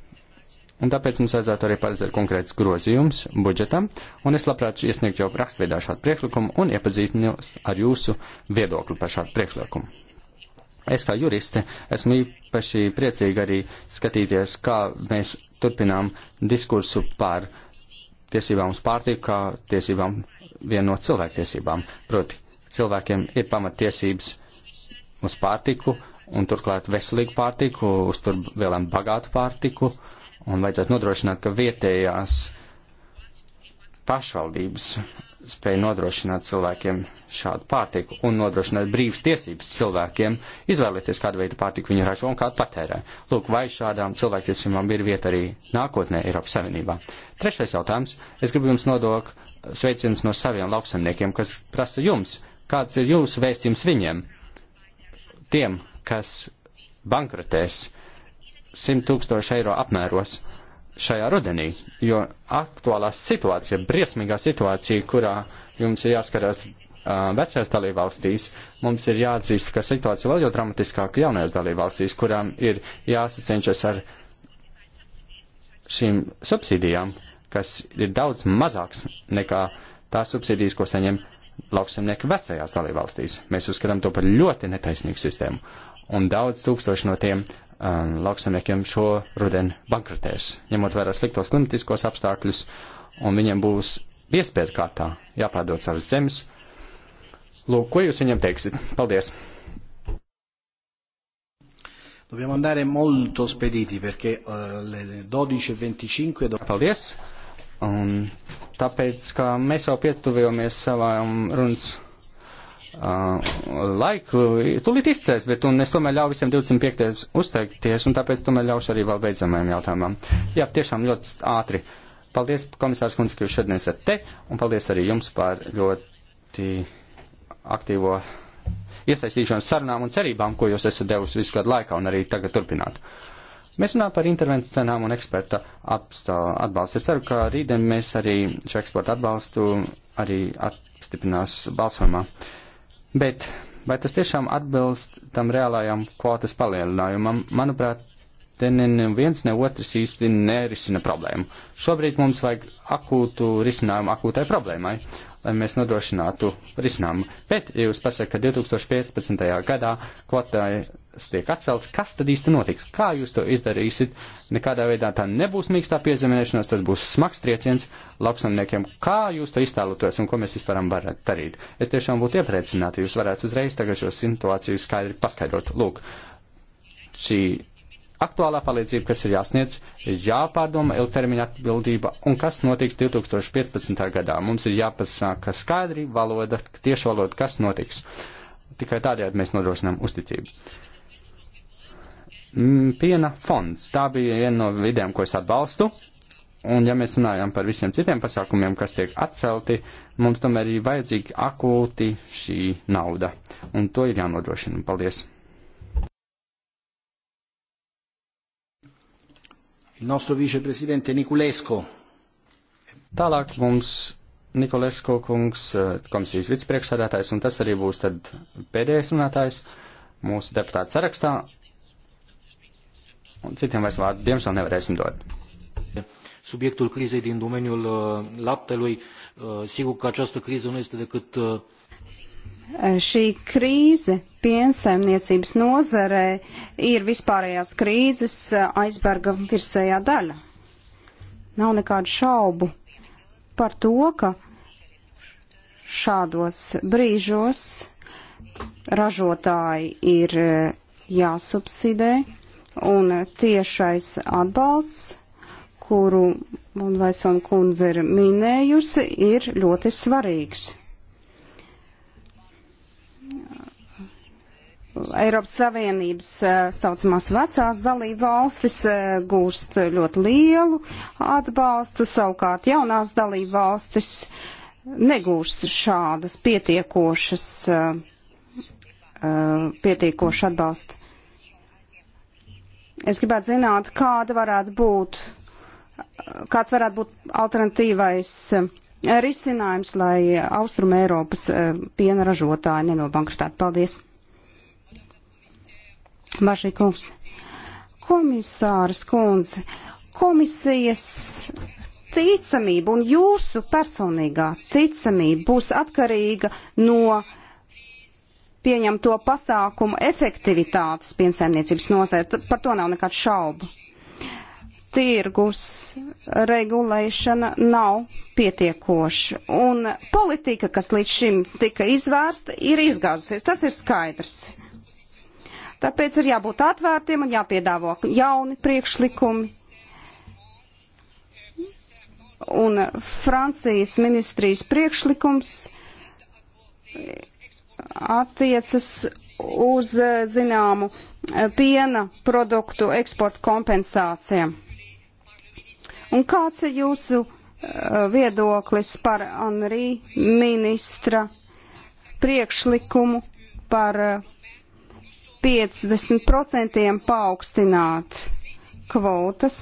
Un tāpēc mums vajadzētu arī paredzēt konkrēts grozījums budžetam, un es labprāt iesniegtu jau rakstveidā šādu priekšlikumu un iepazīstinātos ar jūsu viedokli par šādu priekšlikumu. Es kā juriste esmu īpaši priecīga arī skatīties, kā mēs turpinām diskursu par tiesībām uz pārtiku, kā tiesībām vienu no cilvēktiesībām. Proti, cilvēkiem ir pamatiesības uz pārtiku, un turklāt veselīgu pārtiku, uz tur vēlam bagātu pārtiku. Uh, Un vajadzētu nodrošināt, ka vietējās pašvaldības spēja nodrošināt cilvēkiem šādu pārtiku un nodrošināt brīvas tiesības cilvēkiem izvēlēties, kādu veidu pārtiku viņi ražo un kādu patērē. Lūk, vai šādām cilvēktiesībām ir vieta arī nākotnē Eiropas Savienībā. Trešais jautājums. Es gribu jums nodok sveicienus no saviem lauksamniekiem, kas prasa jums, kāds ir jūsu vēstījums viņiem, tiem, kas bankrotēs, uh, 100 tūkstoši eiro apmēros šajā rudenī, jo aktuālā situācija, briesmīgā situācija, kurā jums ir jāskarās vecajās dalībvalstīs, mums ir jāatzīst, ka situācija vēl jau dramatiskāka jaunajās dalībvalstīs, kurām ir jāsacenšas ar šīm subsīdijām, kas ir daudz mazāks nekā tās subsīdijas, ko saņem lauksemnieki vecajās dalībvalstīs. Mēs uzskatām to par ļoti netaisnīgu sistēmu, un daudz tūkstoši no tiem um, lauksamniekiem šo rudenu bankrotēs, ņemot vērā sliktos klimatiskos apstākļus, un viņiem būs piespiedu kārtā jāpārdod savas zemes. Lūk, ko jūs viņam teiksiet? Paldies! Dobbiamo andare molto spediti perché uh, le 12.25 e do... Paldies! Un tāpēc, ka mēs jau pietuvījāmies savām runas Uh, laiku tulīt izcēs, bet un es tomēr ļauju visiem 25. uzteikties, un tāpēc tomēr ļaušu arī vēl beidzamajam jautājumam. Jā, tiešām ļoti ātri. Paldies, komisārs Kunds, ka jūs šodien esat te, un paldies arī jums par ļoti aktīvo iesaistīšanos sarunām un cerībām, ko jūs esat devusi visu gadu laikā un arī tagad turpināt. Mēs runājam par intervences cenām un eksperta atbalstu. Es ceru, ka rītdien mēs arī šo eksporta atbalstu arī apstiprinās balsojumā. Uh, Bet vai tas tiešām atbilst tam reālajam kvotas palielinājumam? Manuprāt, te neviens ne otrs īsti nerisina problēmu. Šobrīd mums vajag akūtu risinājumu akūtai problēmai, lai mēs nodrošinātu risinājumu. Bet, ja jūs pasakāt, ka 2015. gadā kvotai tiek atcelts, kas tad īsti notiks? Kā jūs to izdarīsiet? Nekādā veidā tā nebūs mīkstā piezemēšanās, tas būs smags trieciens lauksamniekiem. Kā jūs to iztēloties un ko mēs vispār varam darīt? Es tiešām būtu iepriecināti, jūs varētu uzreiz tagad šo situāciju skaidri paskaidrot. Lūk, šī aktuālā palīdzība, kas ir jāsniedz, ir jāpārdoma ilgtermiņa atbildība un kas notiks 2015. gadā. Mums ir jāpasaka skaidri valoda, tieši valoda, kas notiks. Tikai tādējādi mēs nodrošinām uzticību. Mm, piena fonds. Tā bija viena no idejām, ko es atbalstu. Un ja mēs runājam par visiem citiem pasākumiem, kas tiek atcelti, mums tomēr ir vajadzīga akūti šī nauda. Un to ir jānodrošina. Paldies! Il nostro viceprezidente Niculesco. Tālāk mums Nikolesko kungs, eh, komisijas vicepriekšsādātājs, un tas arī būs tad pēdējais runātājs mūsu deputāta sarakstā. Un citiem vairs vārdu diemžēl nevarēsim dot. Subiectul crizei din domeniul uh, laptelui, uh, sigur că această criză nu este decât uh, šī krīze piensaimniecības nozarē ir vispārējās krīzes uh, aizberga virsējā daļa. Nav nekādu šaubu par to, ka šādos brīžos ražotāji ir uh, jāsubsidē, Un tiešais atbalsts, kuru Vaisona kundze ir minējusi, ir ļoti svarīgs. Eiropas Savienības eh, saucamās vecās dalība valstis eh, gūst ļoti lielu atbalstu, savukārt jaunās dalība valstis negūst šādas pietiekošas, eh, pietiekošu atbalstu. Es gribētu zināt, kāda varētu būt, kāds varētu būt alternatīvais eh, risinājums, lai Austrum Eiropas eh, piena ražotāji nenobankrutētu. Paldies! Bašī kungs. Komisārs kundze, komisijas ticamība un jūsu personīgā ticamība būs atkarīga no pieņemto pasākumu efektivitātes piensaimniecības nozēra. Par to nav nekāds šaubu. Tirgus regulēšana nav pietiekoša, un politika, kas līdz šim tika izvērsta, ir izgāzusies. Tas ir skaidrs. Tāpēc ir jābūt atvērtiem un jāpiedāvo jauni priekšlikumi, un Francijas ministrijas priekšlikums attiecas uz eh, zināmu eh, piena produktu eksporta kompensācijām. Un kāds ir jūsu eh, viedoklis par Anrī ministra priekšlikumu par 50% paaugstināt kvotas,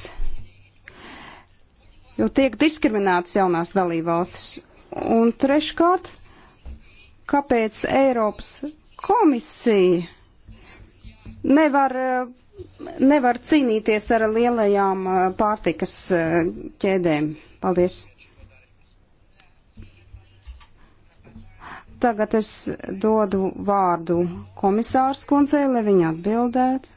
jo tiek diskriminētas jaunās dalībvalstis. Un treškārt, kāpēc Eiropas komisija nevar, nevar cīnīties ar lielajām eh, pārtikas eh, ķēdēm. Paldies! Tagad es dodu vārdu komisārs kundzei, lai viņa atbildētu.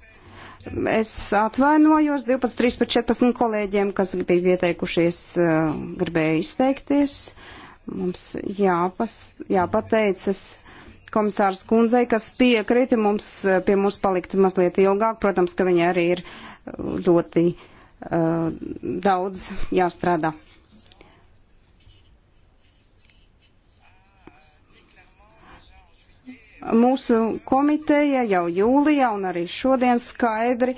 Es atvainojos 12, 13, 14 kolēģiem, kas bija pieteikušies, eh, gribēja izteikties. Mums jāpas, jāpateicas komisārs kundzei, kas piekrita mums, pie mums palikt mazliet ilgāk. Protams, ka viņai arī ir uh, ļoti uh, daudz jāstrādā. Mūsu komiteja jau jūlijā un arī šodien skaidri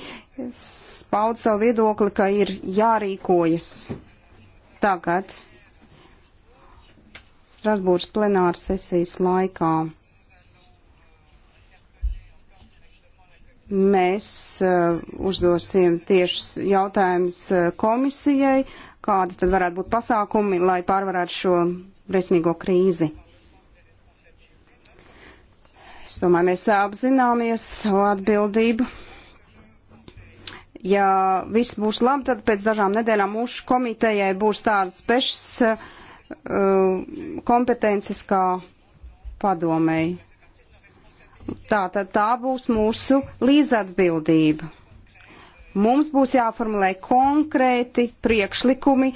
spaud savu viedokli, ka ir jārīkojas tagad Strasbūras plenāras sesijas laikā. Mēs uh, uzdosim tiešus jautājumus uh, komisijai, kādi tad varētu būt pasākumi, lai pārvarētu šo briesmīgo krīzi. Es domāju, mēs apzināmies savu atbildību ja viss būs labi, tad pēc dažām nedēļām mūsu komitejai būs tādas pešas uh, Uh, kompetences kā padomēji. Tā tad tā būs mūsu līdzatbildība. Mums būs jāformulē konkrēti priekšlikumi,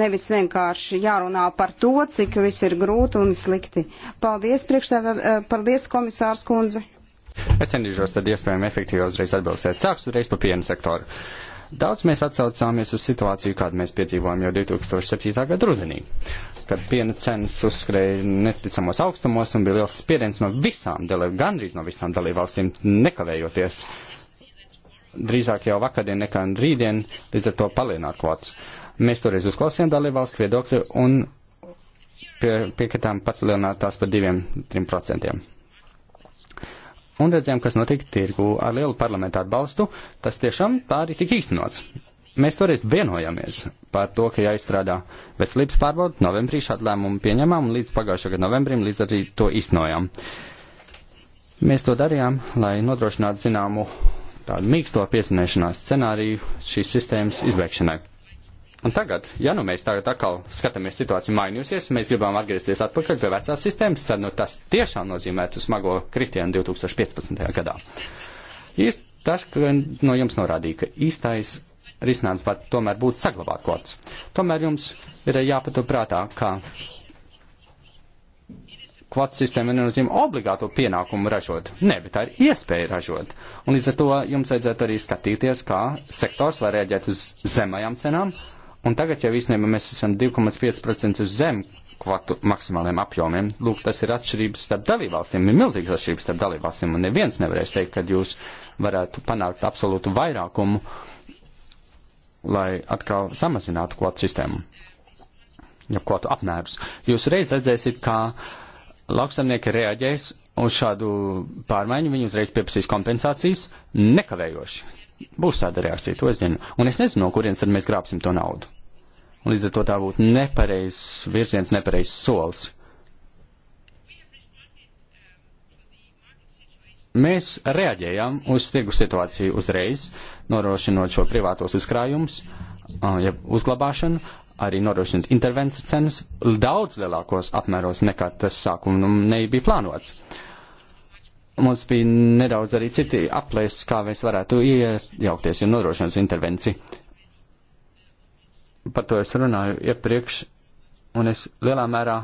nevis vienkārši jārunā par to, cik viss ir grūti un slikti. Paldies, priekšstādā, eh, paldies, komisārs kundze. Es centīšos tad iespējami efektīvi uzreiz atbildēt. Sākšu uzreiz pa piena sektoru. Uh, Daudz mēs atsaucāmies uz situāciju, kādu mēs piedzīvojām jau 2007. gada rudenī, kad piena cenas uzskrēja neticamos augstumos un bija liels spiediens no visām, gandrīz no visām dalībvalstīm, nekavējoties. Drīzāk jau vakardien nekā rītdien, līdz ar to palielināt kvots. Mēs toreiz uzklausījām dalībvalstu viedokļu un pie, piekritām pat lielināt tās par 2-3% un redzējām, kas notika tirgu ar lielu parlamentu atbalstu, tas tiešām tā arī tika īstenots. Mēs toreiz vienojamies par to, ka jāizstrādā veselības pārbauda. Novembrī šādu lēmumu pieņemām un līdz pagājušā gada novembrim līdz arī to īstenojām. Mēs to darījām, lai nodrošinātu zināmu tādu mīksto piesinēšanās scenāriju šīs sistēmas izbeigšanai. Un tagad, ja nu mēs tagad atkal skatāmies situāciju mainījusies, mēs gribam atgriezties atpakaļ pie vecās sistēmas, tad nu, tas tiešām nozīmētu smago kritienu 2015. gadā. Īst, tas, ka no jums norādīja, ka īstais risinājums var tomēr būt saglabāt kvotas. Tomēr jums ir jāpatur prātā, ka kvotas sistēma nenozīmē obligāto pienākumu ražot. Nē, bet tā ir iespēja ražot. Un līdz ar to jums vajadzētu arī skatīties, kā sektors var rēģēt uz zemajām cenām Un tagad jau īstenībā mēs esam 2,5% zem kvatu maksimāliem apjomiem. Lūk, tas ir atšķirības starp dalībvalstīm, ir milzīgas atšķirības starp dalībvalstīm, un neviens nevarēs teikt, ka jūs varētu panākt absolūtu vairākumu, lai atkal samazinātu kvatu sistēmu, ja kvatu apmērus. Jūs reiz redzēsiet, kā lauksaimnieki reaģēs uz šādu pārmaiņu, viņi uzreiz pieprasīs kompensācijas nekavējoši. Būs tāda reakcija, to es zinu. Un es nezinu, no kurienes tad mēs grābsim to naudu un līdz ar to tā būtu nepareizs virziens, nepareizs solis. Mēs reaģējām uz tirgu situāciju uzreiz, norošinot šo privātos uzkrājumus, ja uzglabāšanu, arī norošinot intervences cenas daudz lielākos apmēros nekā tas sākumā nebija plānots. Mums bija nedaudz arī citi aplēs, kā mēs varētu iejaukties, ja norošinot intervenciju par to es runāju iepriekš, un es lielā mērā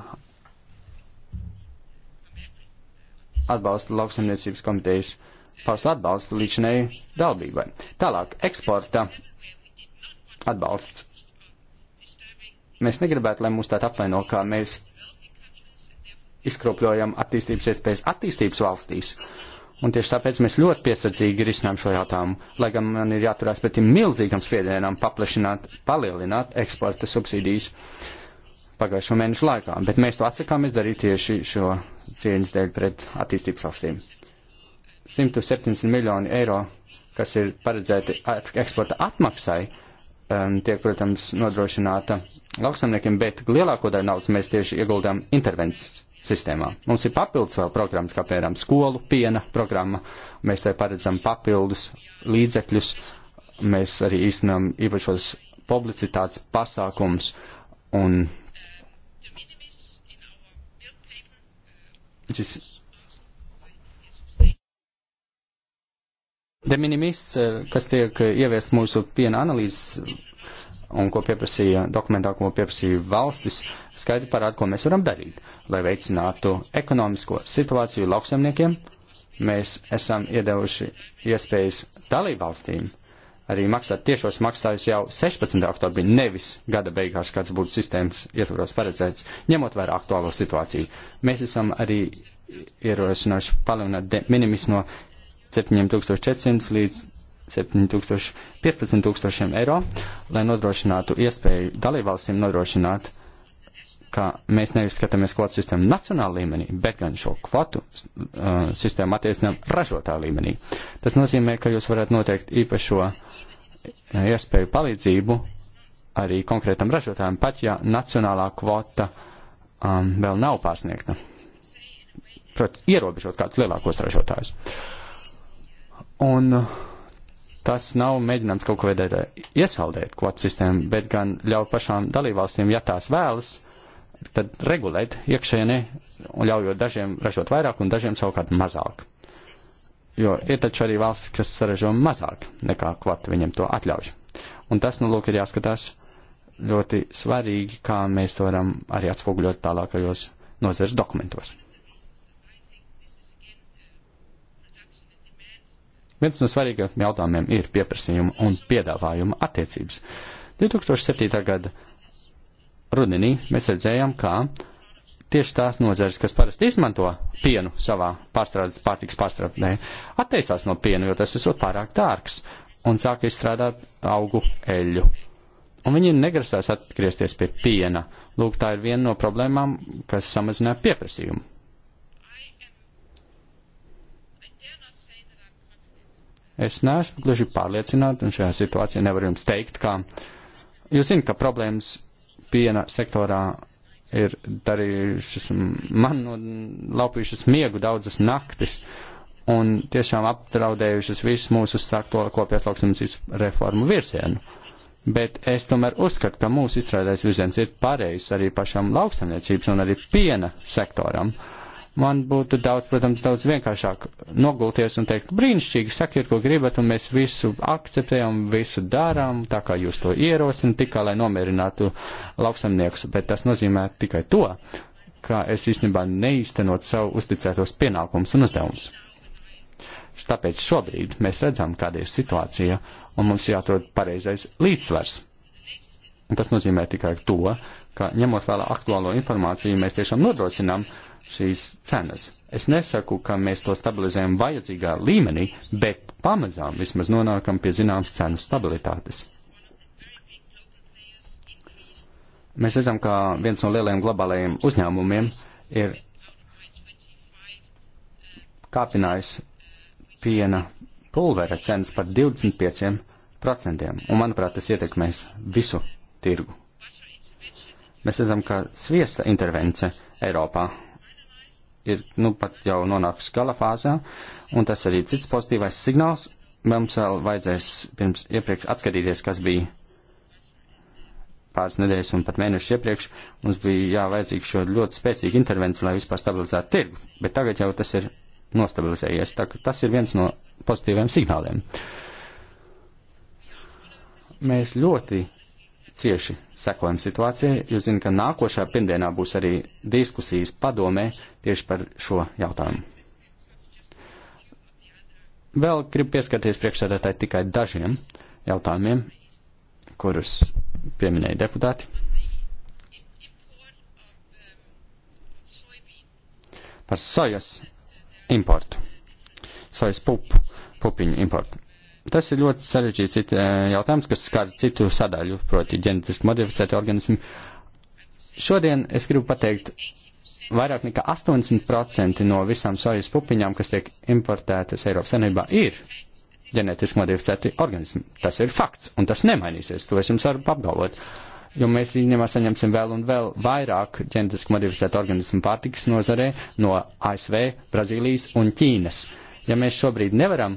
atbalstu lauksaimniecības komitejas paustu atbalstu līdšanai daldībai. Tālāk, eksporta atbalsts. Mēs negribētu, lai mūs tā apvaino, kā mēs izkropļojam attīstības iespējas attīstības valstīs. Uh, Un tieši tāpēc mēs ļoti piesardzīgi risinām šo jautājumu, lai gan man ir jāturās pret tiem milzīgam spiedienam paplašināt, palielināt eksporta subsīdijas pagājušo mēnešu laikā, bet mēs to atsakāmies darīt tieši šo cieņas dēļ pret attīstības valstīm. 170 miljoni eiro, kas ir paredzēti eksporta atmaksai, um, tiek, protams, nodrošināta lauksamniekiem, bet lielāko daļu naudas mēs tieši ieguldām intervences sistēmā. Mums ir papildus vēl programmas, kā piemēram skolu piena programma. Mēs te paredzam papildus līdzekļus. Mēs arī īstenam īpašos publicitātes pasākums un šis de minimis, eh, kas tiek eh, ievies mūsu piena analīzes un ko pieprasīja dokumentā, ko pieprasīja valstis, skaidri parāda, ko mēs varam darīt, lai veicinātu ekonomisko situāciju lauksaimniekiem. Mēs esam iedevuši iespējas dalībvalstīm arī maksāt tiešos maksājus jau 16. oktobrī, nevis gada beigās, kāds būtu sistēmas ietvaros paredzēts, ņemot vērā aktuālo situāciju. Mēs esam arī ierosinājuši palielināt minimis no 7400 līdz 7000, 15000 eiro, lai nodrošinātu iespēju dalībvalstīm nodrošināt, ka mēs nevis skatāmies kvotu sistēmu nacionāla līmenī, bet gan šo kvotu uh, sistēmu attiecinām ražotā līmenī. Tas nozīmē, ka jūs varat noteikt īpašo iespēju palīdzību arī konkrētam ražotājam, pat ja nacionālā kvota um, vēl nav pārsniegta. Protams, ierobežot kādus lielākos ražotājus. Un uh, tas nav mēģinājums kaut ko veidēt, iesaldēt kvotu sistēmu, bet gan ļauj pašām dalībvalstīm, ja tās vēlas, tad regulēt iekšēnē un ļaujot dažiem ražot vairāk un dažiem savukārt mazāk. Jo ir taču arī valstis, kas saražo mazāk nekā kvota viņiem to atļauj. Un tas, nu, lūk, ir jāskatās ļoti svarīgi, kā mēs to varam arī atspoguļot tālākajos nozares dokumentos. Viens no svarīgākajiem jautājumiem ir pieprasījuma un piedāvājuma attiecības. 2007. gada rudenī mēs redzējām, ka tieši tās nozares, kas parasti izmanto pienu savā pārstrādes pārtiks pārstrādē, atteicās no piena, jo tas esot pārāk dārgs, un sāka izstrādāt augu eļļu. Un viņi negrasās atgriezties pie piena. Lūk, tā ir viena no problēmām, kas samazināja pieprasījumu. Es neesmu gluži pārliecināta, un šajā situācijā nevaru jums teikt, ka jūs zināt, ka problēmas piena sektorā ir darījušas man no, laupījušas miegu daudzas naktis un tiešām apdraudējušas visu mūsu sākto kopējās lauksimniecības reformu virzienu. Bet es tomēr uzskatu, ka mūsu izstrādājis virziens ir pareizs arī pašam lauksamniecības un arī piena sektoram. Uh, man būtu daudz, protams, daudz vienkāršāk nogulties un teikt, brīnišķīgi, sakiet, ko gribat, un mēs visu akceptējam, visu darām, tā kā jūs to ierosināt, tikai lai nomierinātu lauksamniekus, bet tas nozīmē tikai to, ka es īstenībā neīstenot savu uzticētos pienākumus un uzdevumus. Tāpēc šobrīd mēs redzam, kāda ir situācija, un mums jāatrod pareizais līdzsvars. Un tas nozīmē tikai to, ka ņemot vērā aktuālo informāciju, mēs tiešām nodrošinām, uh, šīs cenas. Es nesaku, ka mēs to stabilizējam vajadzīgā līmenī, bet pamazām vismaz nonākam pie zināmas cenu stabilitātes. Mēs redzam, ka viens no lielajiem globālajiem uzņēmumiem ir kāpinājis piena pulvera cenas par 25%, un manuprāt, tas ietekmēs visu tirgu. Mēs redzam, ka sviesta intervence Eiropā ir nu pat jau nonākusi gala fāzā, un tas arī cits pozitīvais signāls. Mums vēl vajadzēs pirms iepriekš atskatīties, kas bija pāris nedēļas un pat mēnešus iepriekš. Mums bija jāvajadzīga šo ļoti spēcīgu intervenciju, lai vispār stabilizētu tirgu, bet tagad jau tas ir nostabilizējies. Tā, tas ir viens no pozitīviem signāliem. Mēs ļoti cieši sekojam situācijai, jo zinu, ka nākošā pirmdienā būs arī diskusijas padomē tieši par šo jautājumu. Vēl gribu pieskarties priekšsēdētāji tikai dažiem jautājumiem, kurus pieminēja deputāti. Par sojas importu, sojas pupu, pupiņu importu. Tas ir ļoti sarežģīts eh, jautājums, kas skar citu sadaļu, proti ģenetiski modificētu organismu. Šodien es gribu pateikt, vairāk nekā 80% no visām sojas pupiņām, kas tiek importētas Eiropas Savienībā, ir ģenetiski modificēti organismi. Tas ir fakts, un tas nemainīsies, to es jums varu apgalvot. Jo mēs īņemā saņemsim vēl un vēl vairāk ģenetiski modificētu organismu pārtikas nozarē no ASV, Brazīlijas un Ķīnas. Ja mēs šobrīd nevaram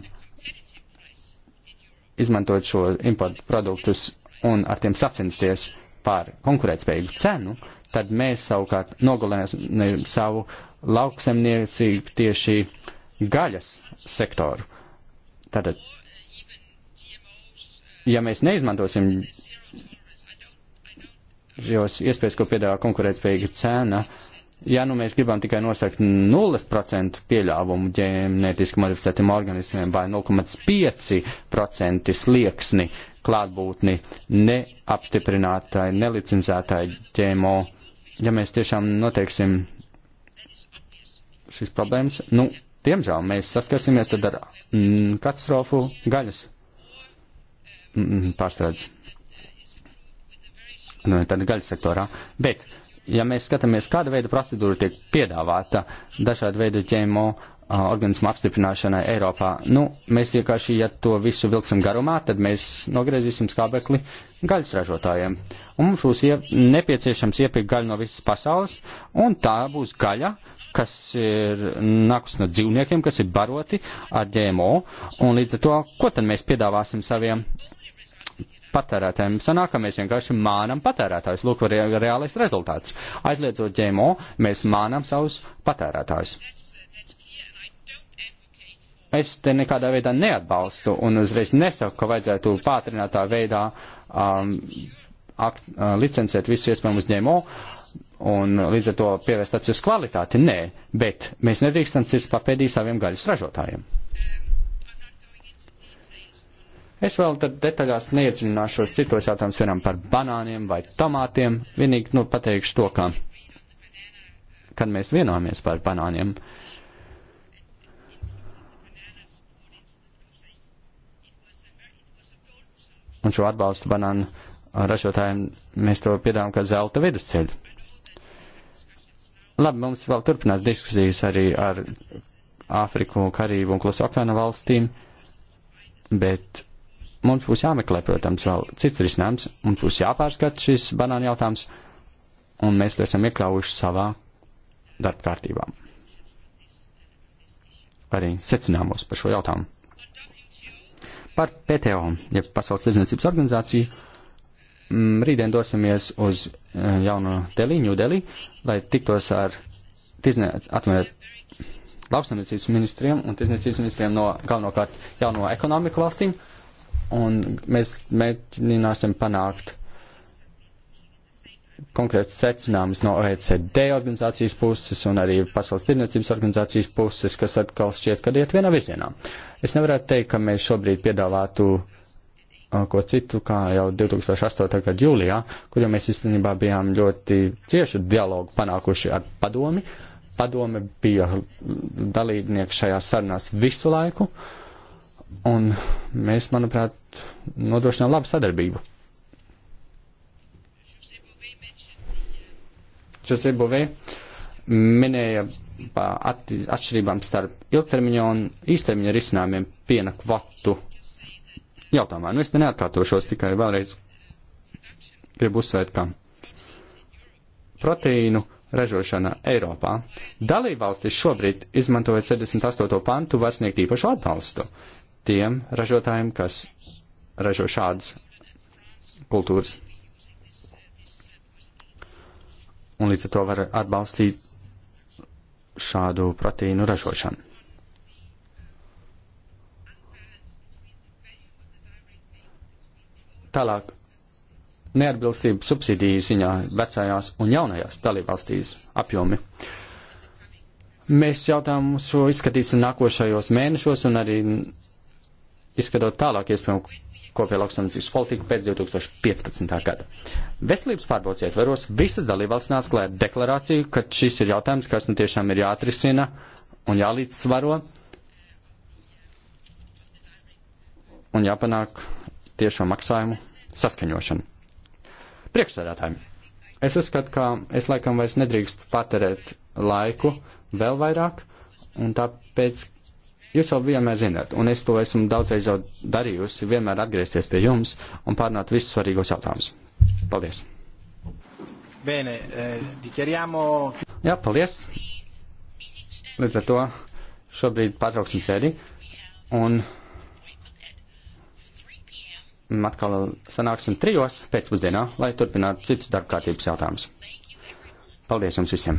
izmantot šo importu produktus un ar tiem sacensties par konkurētspējīgu cenu, tad mēs savukārt nogalinām savu lauksemniecību tieši gaļas sektoru. Tātad, ja mēs neizmantosim šos iespējas, ko piedāvā konkurētspējīga cena, uh, ja nu mēs gribam tikai nosakt 0% pieļāvumu ģenētiski modificētiem organismiem vai 0,5% slieksni klātbūtni neapstiprinātai, nelicenzētai ģēmo, ja mēs tiešām noteiksim šīs problēmas, nu, diemžēl mēs saskarsimies tad ar mm, katastrofu gaļas mm, pārstrādes. Nu, tad gaļas sektorā. Bet ja mēs skatāmies, kāda veida procedūra tiek piedāvāta dažādu veidu ķēmo organismu apstiprināšanai Eiropā, nu, mēs vienkārši, ja to visu vilksim garumā, tad mēs nogriezīsim skābekli gaļas ražotājiem. Un mums būs ie, nepieciešams iepirkt gaļu no visas pasaules, un tā būs gaļa, kas ir nākus no dzīvniekiem, kas ir baroti ar ģēmo, un līdz ar to, ko tad mēs piedāvāsim saviem patērētājiem. Sanāk, ka mēs vienkārši mānam patērētājus. Lūk, re reālais rezultāts. Aizliedzot ģēmo, mēs mānam savus patērētājus. Es te nekādā veidā neatbalstu un uzreiz nesaku, ka vajadzētu pātrinātā veidā um, ak, uh, licencēt visu iespējamu ģēmo un līdz ar to pievērst acis uz kvalitāti. Nē, bet mēs nedrīkstam cirst papēdī saviem gaļas ražotājiem. Es vēl tad detaļās neiedziļināšos citos jautājumus, piemēram, par banāniem vai tomātiem. Vienīgi, nu, pateikšu to, ka, kad mēs vienojamies par banāniem, un šo atbalstu banānu ražotājiem mēs to piedāvājam kā zelta vidusceļu. Labi, mums vēl turpinās diskusijas arī ar Āfriku, Karību un Klusokeāna valstīm, bet Mums būs jāmeklē, protams, vēl cits risinājums, mums būs jāpārskata šis banāna jautājums, un mēs to esam iekļāvuši savā darba kārtībā. Arī secinājumos par šo jautājumu. Par PTO, ja Pasaules tirdzniecības organizāciju, mm, rītdien dosimies uz eh, jauno Delī, Ņūdelī, lai tiktos ar tirznie, atmē, lauksaimniecības ministriem un tirzniecības ministriem no galvenokārt jauno ekonomiku valstīm. Uh, un mēs mēģināsim panākt konkrēts secinājums no OECD organizācijas puses un arī Pasaules tirniecības organizācijas puses, kas atkal šķiet, ka iet vienā virzienā. Es nevarētu teikt, ka mēs šobrīd piedāvātu uh, ko citu, kā jau 2008. gada jūlijā, kur jau mēs īstenībā bijām ļoti ciešu dialogu panākuši ar padomi. Padome bija dalībnieks šajās sarunās visu laiku. Uh, Un mēs, manuprāt, nodrošinām labu sadarbību. Čosē Bovē minēja par atšķirībām starp ilgtermiņa un īstermiņa risinājumiem piena kvatu jautājumā. Nu, es te neatkārtošos, tikai vēlreiz gribu uzsvērt, ka proteīnu ražošana Eiropā dalībvalstis šobrīd, izmantojot 78. pantu, var sniegt īpašu atbalstu. Uh, tiem ražotājiem, kas ražo šādas kultūras. Un līdz ar to var atbalstīt šādu proteīnu ražošanu. Tālāk, neatbilstība subsidiju ziņā vecajās un jaunajās dalībvalstīs apjomi. Mēs jautājumu šo izskatīsim nākošajos mēnešos un arī izskatot tālāk iespējamu kopēju lauksaimniecības politiku pēc 2015. gada. Veselības pārbaudas ietveros visas dalībvalsts nāca klāt deklarāciju, ka šis ir jautājums, kas nu tiešām ir jāatrisina un jālīdzsvaro un jāpanāk tiešo maksājumu saskaņošanu. Priekšsēdētājiem, es uzskatu, ka es laikam vairs nedrīkstu patērēt laiku vēl vairāk, un tāpēc jūs jau vienmēr zināt, un es to esmu daudzreiz jau darījusi, vienmēr atgriezties pie jums un pārnāt visus svarīgos jautājumus. Paldies! Bene, eh, dichiariamo... Jā, paldies! Līdz ar to šobrīd pārtrauksim sēdi un atkal sanāksim trijos pēcpusdienā, lai turpinātu citus darbkārtības jautājumus. Paldies jums visiem!